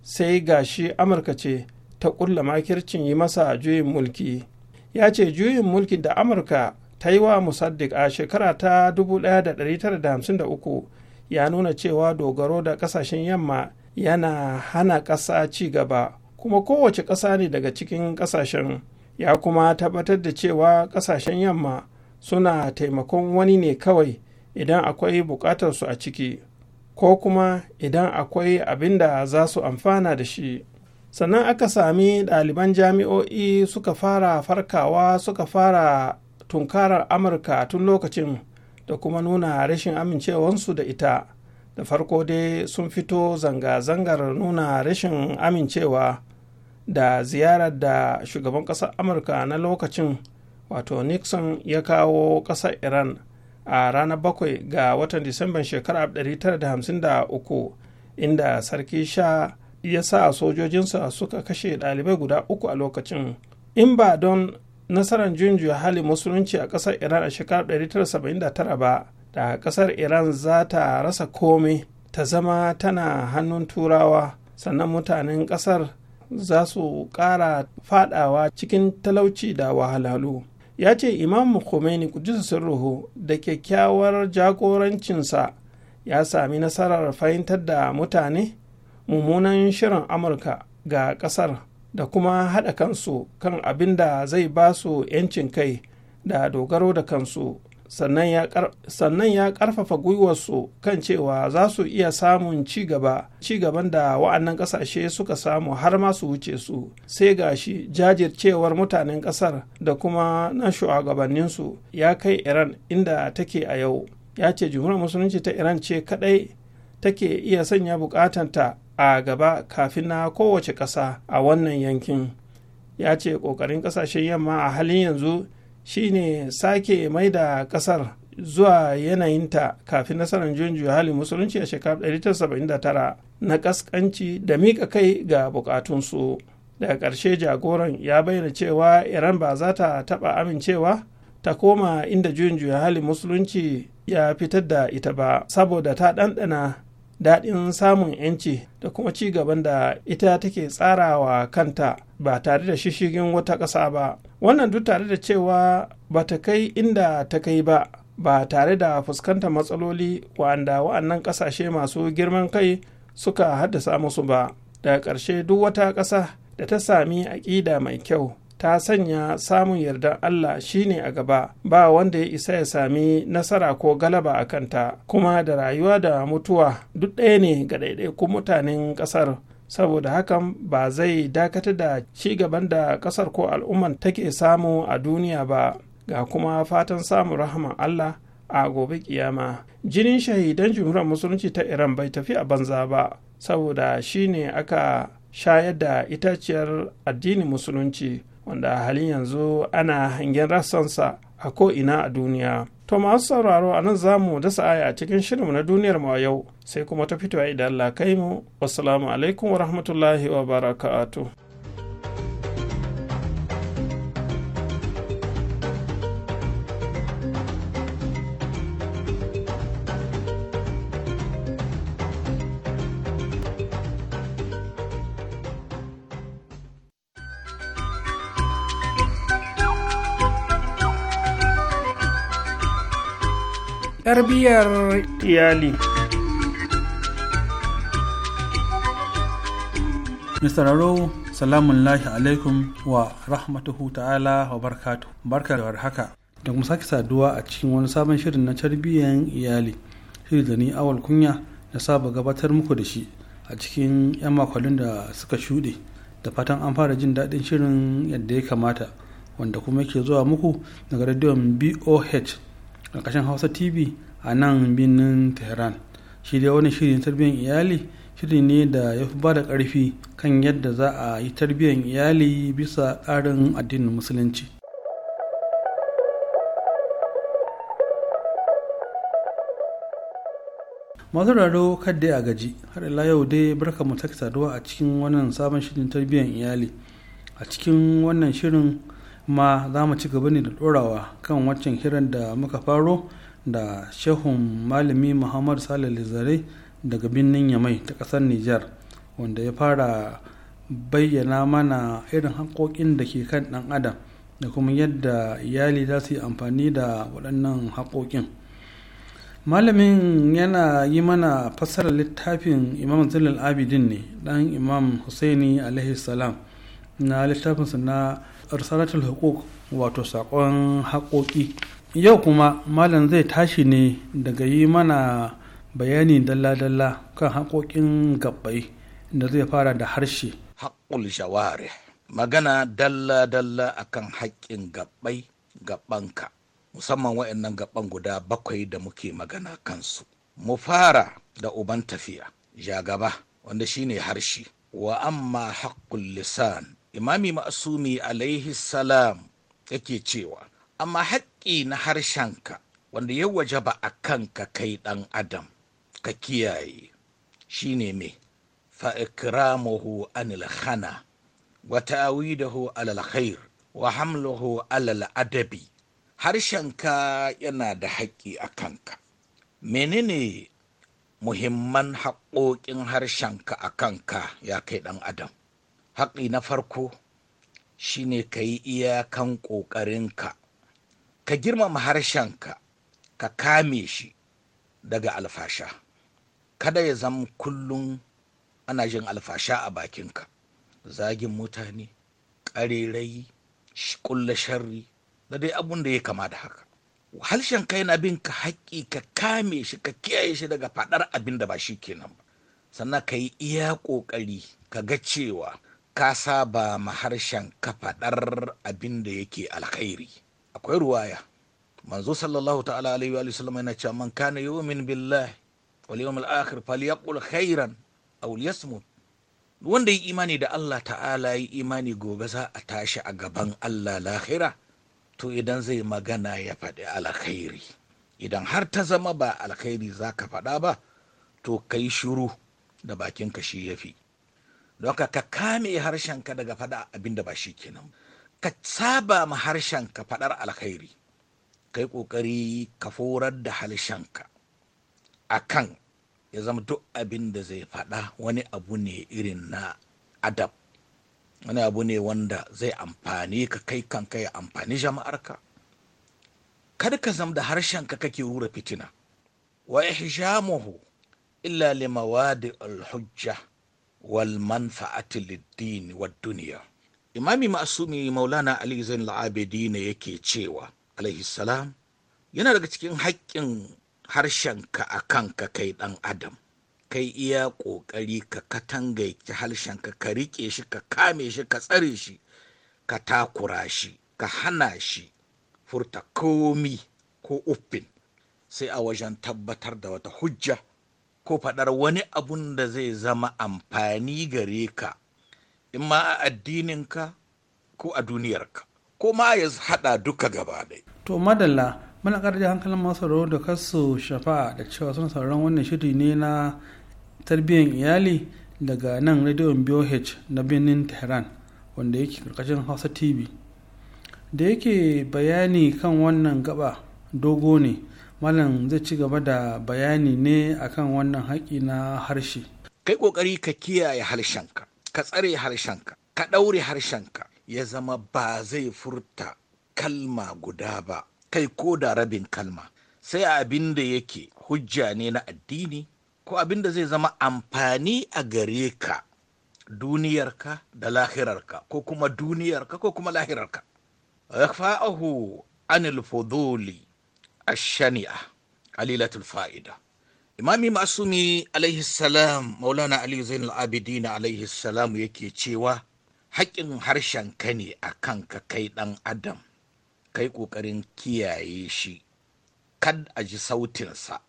sai gashi amurka ce ta ƙulla makircin yi masa juyin mulki ya ce juyin mulki da amurka ta yi wa musaddiq a shekara ta 1953 ya nuna cewa dogaro da kasashen yamma yana hana ƙasa ci gaba kuma kowace ƙasa ne daga cikin ƙasashen ya kuma tabbatar da cewa ƙasashen yamma suna taimakon wani ne kawai idan akwai buƙatarsu a ciki ko kuma idan akwai abin da za su amfana da shi sannan aka sami ɗaliban jami'o'i suka fara farkawa suka fara tunkarar amurka tun lokacin da kuma nuna rashin amincewansu da ita da farko dai sun fito zanga-zangar nuna rashin amincewa da ziyarar da shugaban ƙasar amurka na lokacin wato nixon ya kawo ƙasar iran a ranar bakwai ga watan disamban shekarar 1953 inda sarki sha ya sa sojojinsa suka kashe ɗalibai guda uku a lokacin in ba don nasarar junju hali musulunci a ƙasar iran a shekarar 1979 ba da ƙasar iran za ta rasa komi ta zama tana hannun turawa sannan mutanen ƙasar za su ƙara fadawa cikin talauci da wahalhalu ya ce imam khomeini kudus sirruhu da kyakkyawar jagorancinsa ya sami nasarar fahimtar da mutane mummunan shirin amurka ga kasar da kuma haɗa kansu kan abin da zai ba su 'yancin kai da dogaro da kansu sannan ya karfafa gwiwarsu kan cewa za su iya samun ci gaban da wa'annan ƙasashe suka samu har ma su wuce su sai ga shi jajircewar mutanen ƙasar da kuma na shugabanninsu ya kai iran inda take a yau ya ce jumhuriyar musulunci ta iran ce kadai take iya sanya bukatanta a gaba kafin na kowace ƙasa a wannan yankin ya ce ƙoƙarin ƙasashen yamma a halin yanzu shine sake mai da kasar zuwa yanayinta kafin nasarar juyin halin musulunci a shekarar 1979 na kaskanci da miƙa kai ga bukatunsu daga ƙarshe jagoran ya bayyana cewa iran ba za ta taɓa amincewa ta koma inda juyin halin musulunci ya fitar da ita ba saboda ta ɗanɗana daɗin samun 'yanci da kuma ci gaban da ita take tsarawa kanta ba tare da shishigin wata ƙasa ba wannan duk tare da cewa ba ta kai inda ta kai ba ba tare da fuskanta matsaloli wa'anda wa'annan ƙasashe masu girman kai suka haddasa musu ba daga ƙarshe duk wata ƙasa da ta sami aƙida mai kyau ta sanya samun yardan Allah shine a gaba ba wanda ya isa ya sami nasara ko galaba a kanta kuma da rayuwa da mutuwa duk ɗaya ne ga ɗaiɗaikun mutanen ƙasar saboda hakan ba zai dakata da ci gaban da ƙasar ko al'umman take samu a duniya ba ga kuma fatan samun rahama Allah a gobe kiyama jinin shahidan jumhuriyar musulunci ta iran bai tafi a banza ba saboda shine aka shayar da itaciyar addinin musulunci wanda a halin yanzu ana hangen rassansa a ko'ina a duniya. To masu sauraro a nan za mu dasa aya a cikin shirinmu na duniyar mu a yau sai kuma ta fitowa idan Allah kai mu. Wassalamu alaikum wa rahmatullahi wa barakatuh. tarbiyyar iyali. Mistararo, salamun lahi alaikum wa rahmatuhu ta'ala wa barkatu. Barka da haka. Da kuma sake saduwa a cikin wani sabon shirin na tarbiyyar iyali. Shiri da ni awal kunya da saba gabatar muku da shi a cikin 'yan makwalin da suka shuɗe. Da fatan an fara jin daɗin shirin yadda ya kamata. wanda kuma yake zuwa muku daga rediyon boh a ƙashin hausa tv a nan birnin tehran shi dai wani shirin tarbiyyar iyali shiri ne da ya fi ba da kan yadda za a yi tarbiyyar iyali bisa tsarin addinin musulunci masu raro kadda a gaji har ila yau dai barka mu sake saduwa a cikin wannan sabon shirin tarbiyyar iyali a cikin wannan shirin ma za mu ci gaba ne da ɗorawa kan waccan hirar da muka faro da shehun malami muhammad salih zare daga birnin yamai ta ƙasar nijar wanda ya fara bayyana mana irin haƙoƙin da ke kan ɗan adam da kuma yadda iyali za su yi amfani da waɗannan haƙoƙin malamin yana yi mana fassarar littafin imam zilal abidin ne ɗan imam Hussaini alaihi salam na littafinsa na arsalatul hukuk wato saƙon haƙoƙi yau kuma malam zai tashi ne daga yi mana bayani dalla-dalla kan haƙoƙin gabbai da zai fara da harshe haƙƙul shaware magana dalla-dalla akan haƙƙin gabbai ka, musamman waɗannan gaɓan guda bakwai da muke magana kansu mu fara da uban tafiya Ja-gaba wanda shine harshe wa amma haƙƙul lisan imami ma'asumi alaihi salam yake cewa amma haƙƙin haƙƙi na harshenka wanda ya wajaba a kanka kai ɗan adam ka kiyaye shi ne me fa'ikramuhu anil khana wa ta'awidahu alal khair wa hamluhu alal adabi harshenka yana da haƙƙi a kanka menene muhimman haƙoƙin harshenka a kanka ya kai ɗan adam haƙƙi na farko shine ka yi iyakan ƙoƙarinka ka girmama harshenka ka kame shi daga alfasha kada ya zama kullum ana jin alfasha a bakinka zagin mutane ƙarerai ƙulla sharri da dai abun da ya kama da haka harshen ka yana bin ka haƙƙi ka kame shi ka kiyaye shi daga faɗar abin da ba shi kenan ba sannan ka yi iya ƙoƙari ka ga cewa ka saba ma harshen ka faɗar abin da yake alkhairi akwai ruwaya manzo sallallahu ta'ala alaihi wa sallam yana cewa man kana yu'min billahi wal yawmil akhir falyaqul khairan aw liyasmut wanda yi imani da Allah ta'ala yi imani gobe za a tashi a gaban Allah lahira to idan zai magana ya faɗi alkhairi idan har ta zama ba alkhairi za ka faɗa ba to kai shiru da bakin ka shi yafi fi don ka kame harshenka daga faɗa abin da ba shi kenan ka saba ma ka faɗar alkhairi kai ƙoƙari ka forar da harshenka a kan ya zama duk abin da zai faɗa wani abu ne irin na adab wani abu ne wanda zai amfani ka kai kanka ya amfani jama'arka kada ka zama da harshenka kake rura fitina wa ihjamuhu illa limawadi alhujja wal manfa'ati lid-din wad-dunya imami ma'sumi maulana ali zain al'abidi ne yake cewa alaihi salam yana daga cikin haƙƙin harshenka a ka kai ɗan adam kai iya ƙoƙari ka katangaici harshenka ka riƙe shi ka kame shi ka tsare shi ka takura shi ka hana shi furta komi ko uffin sai a wajen tabbatar da wata hujja ko faɗar wani abun da zai zama amfani gare ka in ma a addininka ko a duniyarka ko ma ya haɗa duka gaba ɗaya. to madalla muna ƙarfi hankalin masu rawar da kasu shafa'a da cewa suna sauran wannan shiri ne na tarbiyyar iyali daga nan rediyon boh na birnin tehran wanda yake karkashin hausa tv da yake bayani kan wannan gaba dogo ne malam zai ci gaba da bayani ne akan wannan haƙi na harshe kai ƙoƙari ka kiyaye harshenka ka tsare harshenka ka ɗaure harshenka ya zama ba zai furta kalma guda ba kai ko da rabin kalma sai abin da yake hujja ne na addini ko abin da zai zama amfani a gare ka duniyarka da lahirarka ko kuma duniyarka ko kuma lahirarka yafa'ahu anil fuduli ashani'a alilatul fa'ida imami masumi alaihi salam maulana ali zain al-abidina alaihi salam yake cewa haƙƙin harshen ka ne a kan ka kai ɗan adam kai ƙoƙarin kiyaye shi kad a ji sautinsa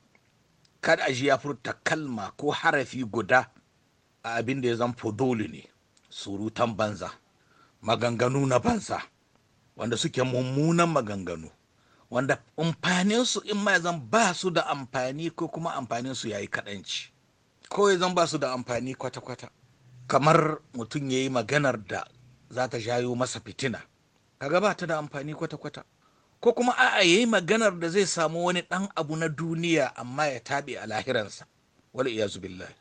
kad a ji ya furta kalma ko harafi guda a abin da ya zan fudoli ne surutan banza maganganu na banza wanda suke mummunan maganganu wanda amfaninsu in ma zan ba su da amfani ko kuma amfaninsu ya yi kaɗanci ko ya zan ba su da amfani kwata-kwata kamar mutum ya yi maganar da za ta jayo masa fitina kaga ba ta da amfani kwata-kwata ko kuma a'a ya yi maganar da zai samu wani ɗan abu na duniya amma ya taɓe a lahiransa wal iyazu billahi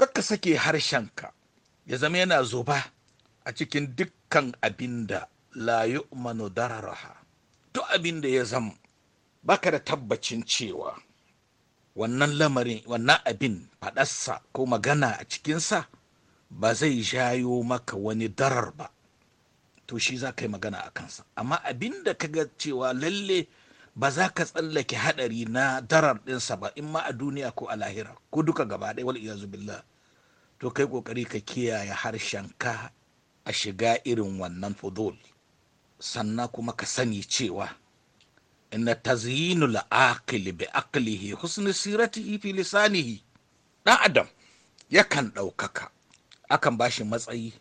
kakka sake harshenka ya zama yana zuba a cikin dukkan abin da la yu'manu dararaha duk abin da ya zama baka da tabbacin cewa wannan lamarin wannan abin faɗarsa ko magana a cikinsa ba zai jayo maka wani darar ba to shi za ka yi magana a kansa amma abin da ka ga cewa lalle ba za ka tsallake haɗari na darar ɗinsa ba in ma a duniya ko a lahira ko duka gaba ɗaya wal iyazu billah to kai ƙoƙari ka kiyaye harshenka a shiga irin wannan fudul sannan kuma ka sani cewa inna tazyinu la'aqili bi aqlihi husni siratihi fi lisanihi dan adam yakan ɗaukaka akan bashi matsayi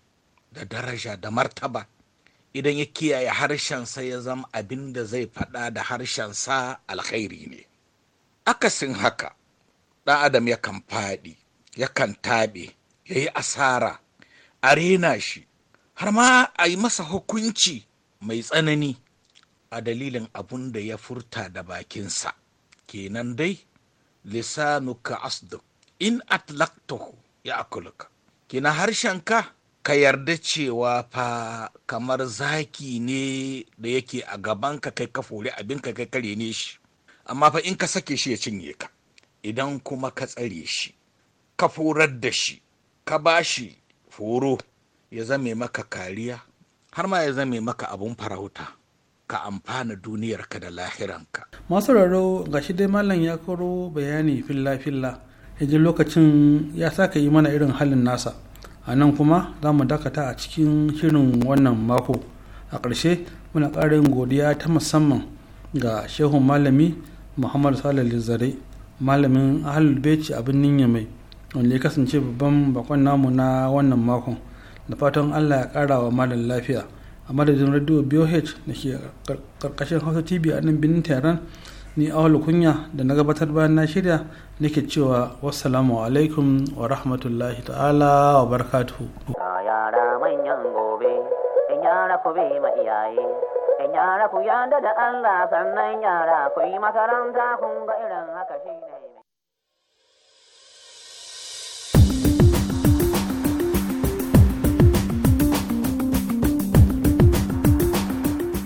da daraja da martaba idan ya kiyaye harshensa ya zama abin da zai faɗa da harshensa alkhairi ne akasin haka ɗan adam yakan faɗi yakan taɓe ya yi asara a rena shi har ma a yi masa hukunci mai tsanani a dalilin abun da ya furta da bakinsa kenan dai lisanuka asduk in atlaktahu ya akuluka kina harshen ka Ka yarda cewa fa kamar zaki ne da yake a gaban ka kai ka fori abinka kai kare ne shi amma fa in ka sake shi ya cinye ka idan kuma ka tsare shi ka forar da shi ka ba shi foro ya zame maka kariya har ma ya zame maka abun farauta ka amfana duniyarka da lahiranka. masu raro ga shi dai malam ya koro bayani filla-filla yaji lokacin ya saka yi mana irin halin nasa a nan kuma za mu dakata a cikin shirin wannan mako a ƙarshe muna ƙarin godiya ta musamman ga Shehu malami muhammadu salih zare malamin ahalul beci a yamai wanda ya kasance babban bakon namu na wannan makon da fatan allah ya kara wa malam lafiya a madadin radio boh da ke karkashin hausa tv a nan birnin tehran ni awal kunya da na gabatar bayan na shirya nake cewa wassalamu alaikum wa rahmatullahi ta'ala wa barakatuhu yara manyan gobe yara ku bi ma iyaye yara ku da allah sannan yara ku yi makaranta kun ga irin haka shine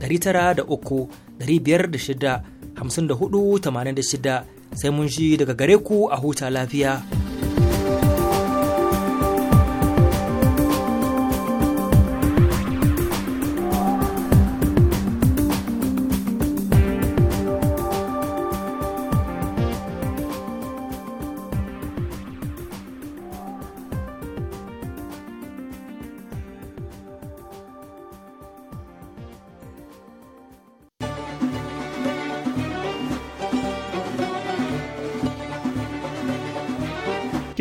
903 506 86 sai mun shi daga gare ku a huta lafiya.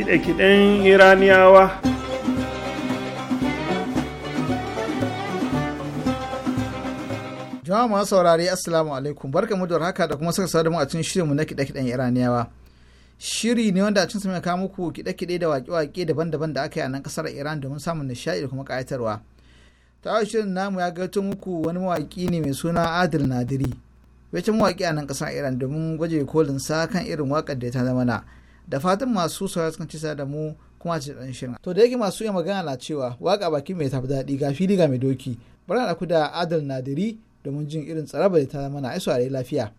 kiɗe-kiɗen iraniyawa jama'a masu saurari assalamu alaikum barka mu da haka da kuma saka da a cikin mu na kiɗe-kiɗen iraniyawa shiri ne wanda a cikin mai kawo muku kiɗe-kiɗe da waƙe-waƙe daban-daban da aka yi a nan ƙasar iran domin samun nishaɗi da kuma ƙayatarwa ta shirin namu ya gaito muku wani mawaƙi ne mai suna adil nadiri wacce mawaƙi a nan ƙasar iran domin gwaje kolin sa kan irin waƙar da ta zama na da fatan masu saurara sukan cisa da mu kuma ci dan shirin to da yake masu iya magana na cewa waka baki mai tafi daɗi ga fili ga mai doki bari na ku da adal nadiri domin jin irin tsaraba da ta mana aiso a lafiya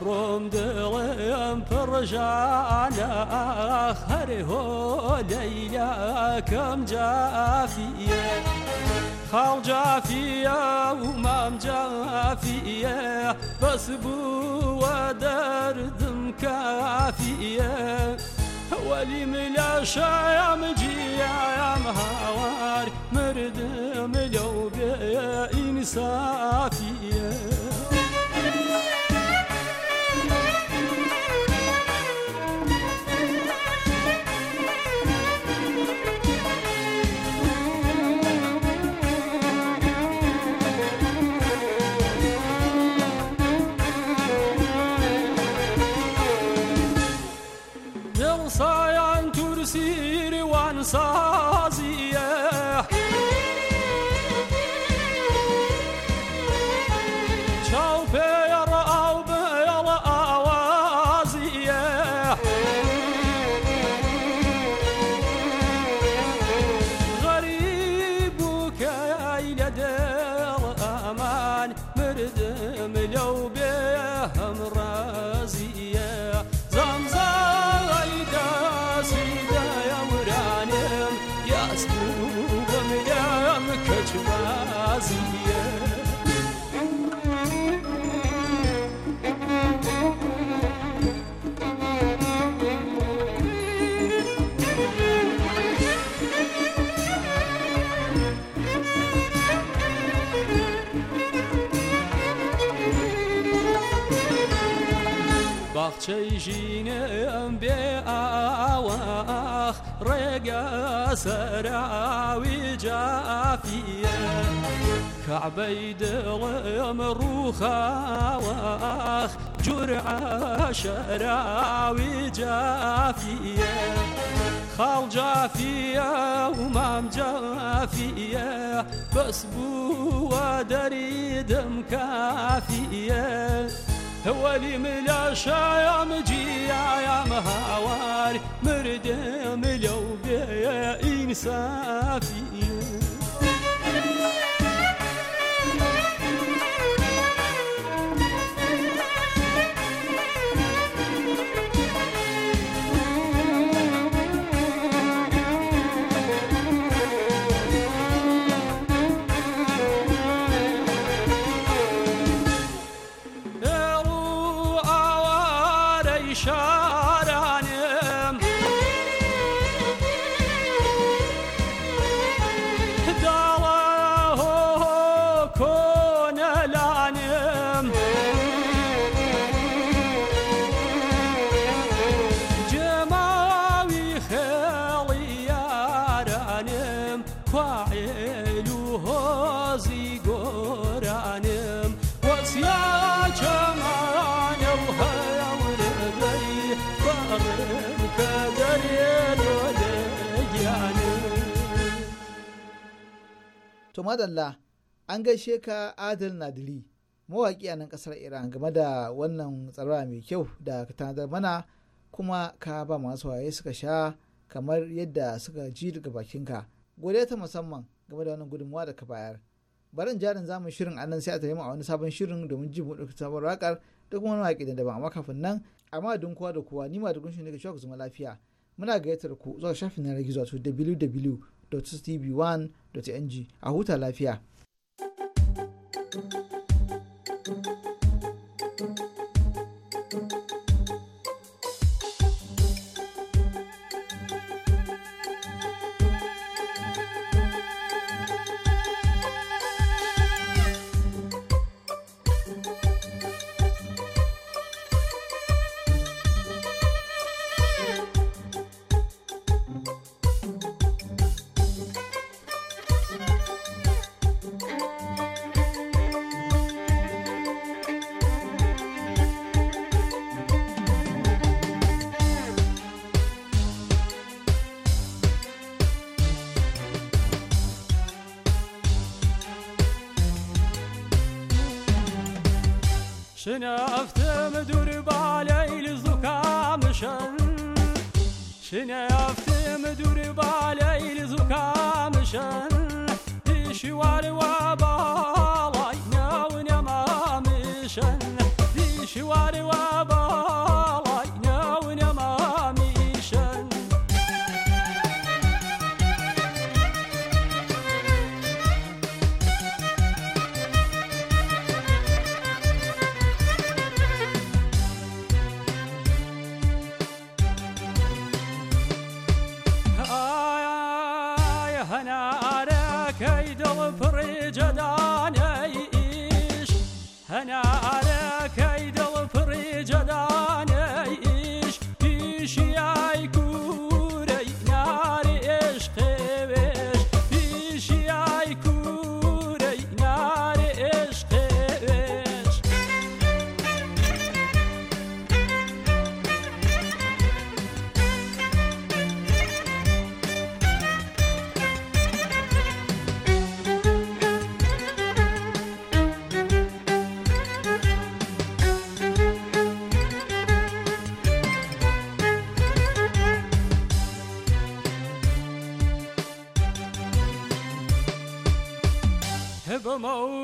روم دغيم فرجعنا آخر هو ليلى كم جافية خال جافية ومام جافية بس بو دم كافية ولي ملاشا يا مجيا يا مهوار مردم لو انسافيه شيجينا بأواخ رقا سراوي جافية كعبيد المروخة واخ جرعة شراوي جافية خال جافية ومام جافية بس بو دريد مكافية هوالي ملا شايا مجيا يا مهاواري مردم لو بيا انسافي فاعل هوزي قرانم وسيا an gaishe ka adil nadiri mawaƙi a nan ƙasar iran game da wannan tsara mai kyau da ka tanadar mana kuma ka ba masu waye suka sha kamar yadda suka ji daga bakinka godiya ta musamman game da wannan gudunmawa da ka bayar barin jarin zamu shirin a nan sai a tare mu a wani sabon shirin domin ji mu ɗauki sabon rakar da kuma wani waƙi da daban amma kafin nan amma don kowa da kowa ni ma da gunshin ne ga shi zuma zama lafiya muna gayyatar ku zuwa shafin na gizo wato www.tv1.ng a huta lafiya. No. Oh.